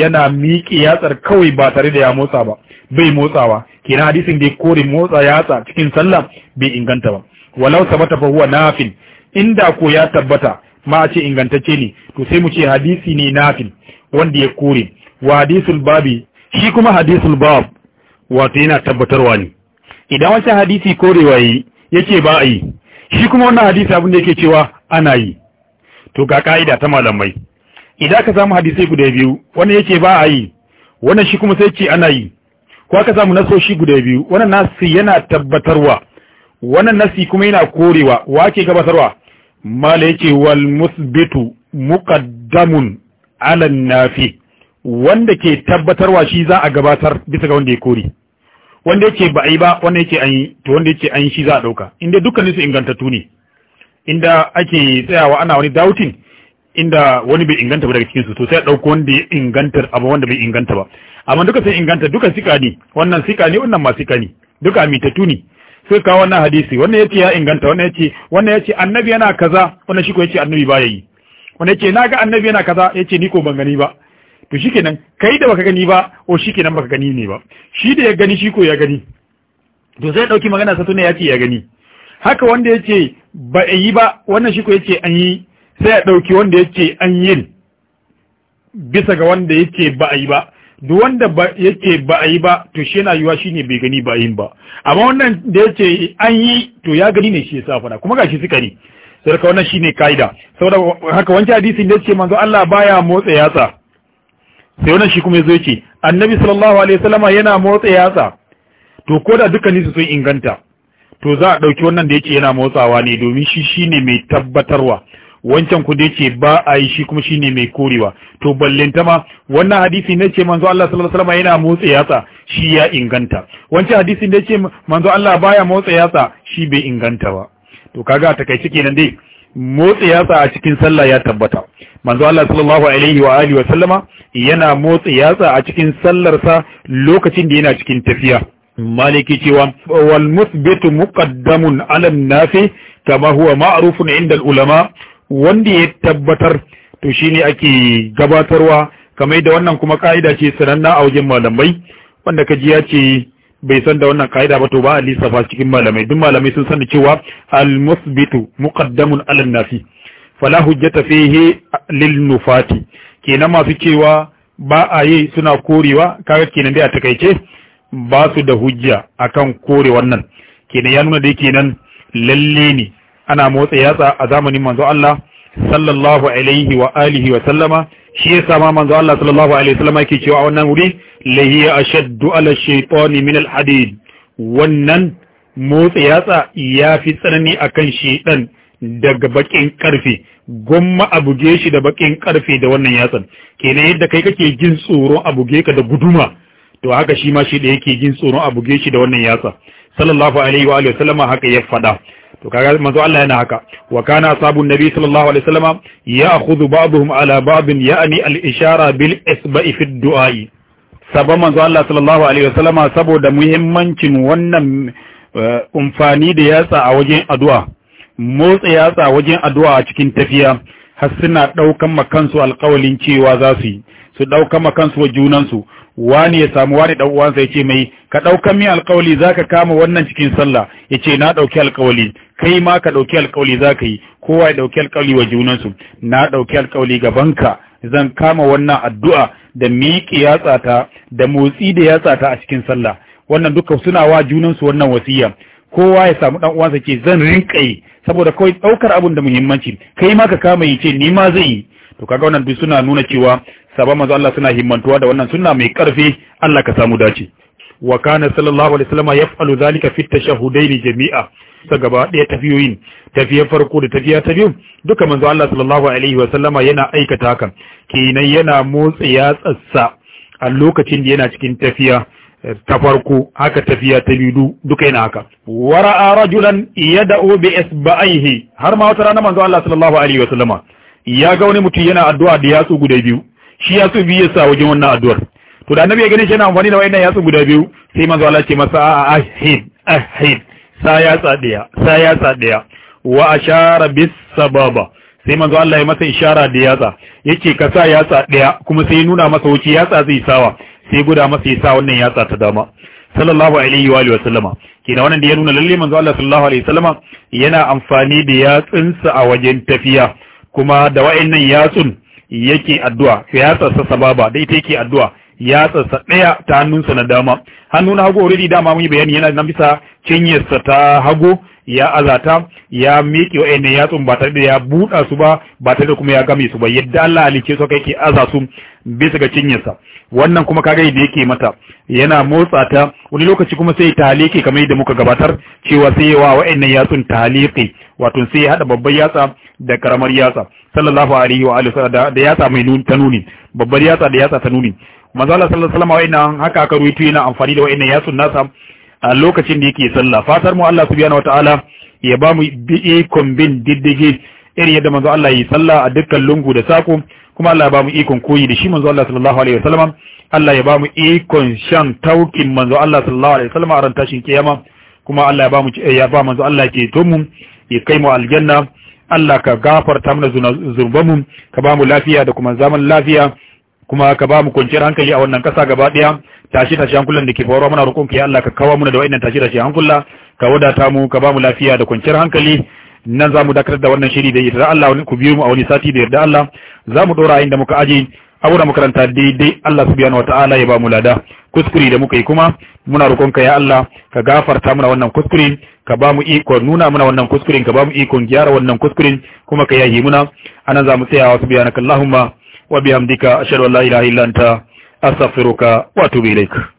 yana miƙe yatsar kawai ba tare da ya motsa ba bai motsawa kenan hadisin da ya kore motsa yatsa cikin sallah bai inganta ba walau sabata fa huwa nafil inda ko ya tabbata ma a ce ingantacce ne to sai mu ce hadisi ne nafil wanda ya kore wa hadisul babi shi kuma hadisul bab wato yana tabbatarwa ne idan wancan hadisi korewa yi yace ba a yi shi kuma wannan hadisi abin da yake cewa ana yi to ga ka'ida ta malamai idan ka samu hadisai guda biyu wannan yace ba a yi wannan shi kuma sai ce ana yi ko aka samu nasoshi guda biyu wannan nasu yana tabbatarwa wannan nasi kuma yana korewa wake gabatarwa mala yake wal musbitu muqaddamun ala nafi wanda ke tabbatarwa shi za a gabatar bisa ga wanda ya kore wanda yake ba ai ba wanda yake an yi to wanda yake an shi za a dauka inda dukkan su ingantattu ne inda ake tsayawa ana wani doubting inda wani bai inganta ba daga cikin su to sai dauko wanda ya inganta abu wanda bai inganta ba amma duka sai inganta duka sika ne wannan sika ne wannan ma sika ne duka mitattu ne sai kawo wannan hadisi wannan yace ya inganta wannan yace wannan yace annabi yana kaza wannan shi ko yace annabi ba yi wannan yace naga annabi yana kaza yace ni ko ban gani ba to shikenan kai da baka gani ba o shikenan baka gani ne ba shi da ya gani shi ko ya gani to sai dauki magana sa tunai yace ya gani haka wanda yace ba yi ba wannan shi ko yace an yi sai ya dauki wanda yace an yi bisa ga wanda yace ba yi ba duk wanda ba yake ba a yi ba to shi yana yiwa shine bai gani ba yin ba amma wannan da ya ce an yi to ya gani ne shi sa fada kuma gashi suka ne sai ka wannan shine kaida saboda haka wancan hadisin da yace manzo Allah baya motsa yatsa sai wannan shi kuma yazo yace annabi sallallahu alaihi wasallama yana motsa yatsa to ko da dukkanin su sun inganta to za a dauki wannan da yake yana motsawa ne domin shi shine mai tabbatarwa wancan ku dai ce ba a yi shi kuma shine mai korewa to ta ma wannan hadisi na ce manzo Allah sallallahu alaihi wasallam yana motsa yatsa shi ya inganta wancan hadisi da ce manzo Allah baya motsa yatsa shi bai inganta ba to kaga a takaice kenan dai motsa yatsa a cikin sallah ya tabbata manzo Allah sallallahu alaihi wa alihi wa sallama yana motsa yatsa a cikin sallarsa lokacin da yana cikin tafiya maliki cewa wal muthbitu muqaddamun ala nafi kama huwa ma'rufun inda al ulama wanda ya tabbatar to shine ake gabatarwa kamar da wannan kuma ka'ida ce sananna a wajen malamai wanda ka ya ce bai san da wannan ka'ida ba to ba a lissafa cikin malamai duk malamai sun san cewa al-musbitu muqaddamun ala nafi fala hujjata fihi lil nufati kenan masu cewa ba a yi suna korewa kaga kenan dai a takaice ba su da hujja akan kore wannan kenan ya nuna yake kenan lalle ne ana motsa yatsa a zamanin manzo Allah sallallahu alaihi wa alihi wa sallama shi yasa ma manzo Allah sallallahu alaihi wa sallama yake cewa wannan wuri lahiya ashaddu ala shaytani min alhadid wannan motsa yatsa ya fi tsanani akan shedan daga bakin karfe gomma a buge shi da bakin karfe da wannan yatsan kenan yadda kai kake jin tsoron ka da guduma to haka shi ma shi da yake jin tsoron a buge shi da wannan yatsa sallallahu alaihi wa alihi wa sallama haka ya fada to kaga manzo Allah yana haka wa kana ashabun nabi sallallahu alaihi wasallam ya'khudhu ba'dhum ala ba'd ya'ni al-ishara bil isba'i fi du'a'i sabon manzo Allah sallallahu alaihi wasallama saboda muhimmancin wannan eh, umfani da yatsa a wajen addu'a motsa yatsa a wajen addu'a a cikin tafiya har suna daukan makansu alƙawalin cewa za su yi su ɗauka kansu wa junansu wani ya samu wani ɗan uwansa ya ce mai ka ɗauka min alƙawali za ka kama wannan cikin sallah ya ce na ɗauki alƙawali kai ma ka ɗauki alƙawali za ka yi kowa ya ɗauki alƙawali wa junansu na ɗauki alƙawali ka zan kama wannan addu'a da miƙe yatsata da motsi da yatsata a cikin sallah wannan duka suna wa junansu wannan wasiya kowa ya samu ɗan uwansa ce zan rinƙa yi saboda kawai ɗaukar abun da muhimmanci kai ma ka kama yi ce ni ma zai yi to kaga wannan duk suna nuna cewa sabon manzo Allah suna himmantuwa da wannan sunna mai karfi Allah ka samu dace wa kana sallallahu alaihi wasallam yaf'alu dhalika fi tashahudain jami'a ta gaba daya tafiyoyin tafiyar farko da tafiya ta biyu duka manzo Allah sallallahu alaihi wasallama yana aikata hakan kenan yana motsa yatsarsa a lokacin da yana cikin tafiya eh, ta farko haka tafiya ta biyu duka yana haka wara'a rajulan yad'u bi isba'ihi har ma wata rana manzo Allah sallallahu alaihi wasallama ya ga wani mutum yana addu'a da yatsu guda biyu shi yatsu biyu ya sa wajen wannan addu'ar to da annabi ya gani shi yana amfani da wayannan yatsu guda biyu sai manzo Allah ce masa ahin ahin sa yatsa daya sa yatsa daya wa ashara bis sababa sai manzo Allah ya masa ishara da yatsa yace ka sa yatsa daya kuma sai ya nuna masa wuce yatsa zai sawa sai guda masa ya sa wannan yatsa ta dama sallallahu alaihi wa alihi sallama kina wannan da ya nuna lalle manzo Allah sallallahu alaihi sallama yana amfani da yatsinsa a wajen tafiya kuma da wa'annan yatsun yake addu'a yatsarsa sababa da ita yake addu'a yatsarsa ɗaya ta hannunsa na dama hannu na hagu already dama mun yi bayani yana nan bisa cinyarsa ta hagu ya azata ya miƙe wa'annan yatsun ba tare da ya buɗa su ba ba tare da kuma ya game su ba yadda Allah alike su kai ke aza su bisa ga cinyarsa wannan kuma kaga yadda yake mata yana motsa ta wani lokaci kuma sai ta haleke kamar yadda muka gabatar cewa sai wa'in wa'annan yatsun haleke wato sai ya haɗa babban yatsa da karamar yatsa sallallahu alaihi wa alihi da yatsa mai nuni ta nuni babbar yatsa da yatsa ta nuni manzo Allah sallallahu alaihi wa sallam haka aka ruwaito yana amfani da wa'annan yatsun nasa a lokacin da yake sallah fatar mu Allah subhanahu wataala ya ba mu ikon bin diddige irin yadda manzo Allah yi sallah a dukkan lungu da sako kuma Allah ya ba mu ikon koyi da shi manzo Allah sallallahu alaihi wa sallam Allah ya ba mu ikon shan taukin manzo Allah sallallahu alaihi wa sallam a ran tashin kiyama kuma Allah ya ba mu ya ba manzo Allah ke to mu ya kai mu aljanna Allah ka gafarta mana zurbanmu ka ba mu lafiya da kuma zaman lafiya kuma ka ba mu kwanciyar hankali a wannan ƙasa gaba ɗaya tashi tashi hankulan da ke faruwa muna roƙon ka ya Allah ka kawo mu da wa'annan tashi tashi hankula ka wadata mu ka ba mu lafiya da kwanciyar hankali nan za mu dakatar da wannan shiri da yarda Allah ku biyo mu a wani sati da yarda Allah za mu ɗora inda muka aje abu da makaranta daidai Allah subhanahu wataala ya ba mu lada kuskure da muka yi kuma muna roƙon ka ya Allah ka gafarta mana wannan kuskure ka ba mu ikon nuna mana wannan kuskurin ka ba mu ikon gyara wannan kuskurin kuma ka yahi muna anan zamu mu tsaya wa allahumma wa bihamdika ashhadu an la ilaha illa anta astaghfiruka wa atubu ilaik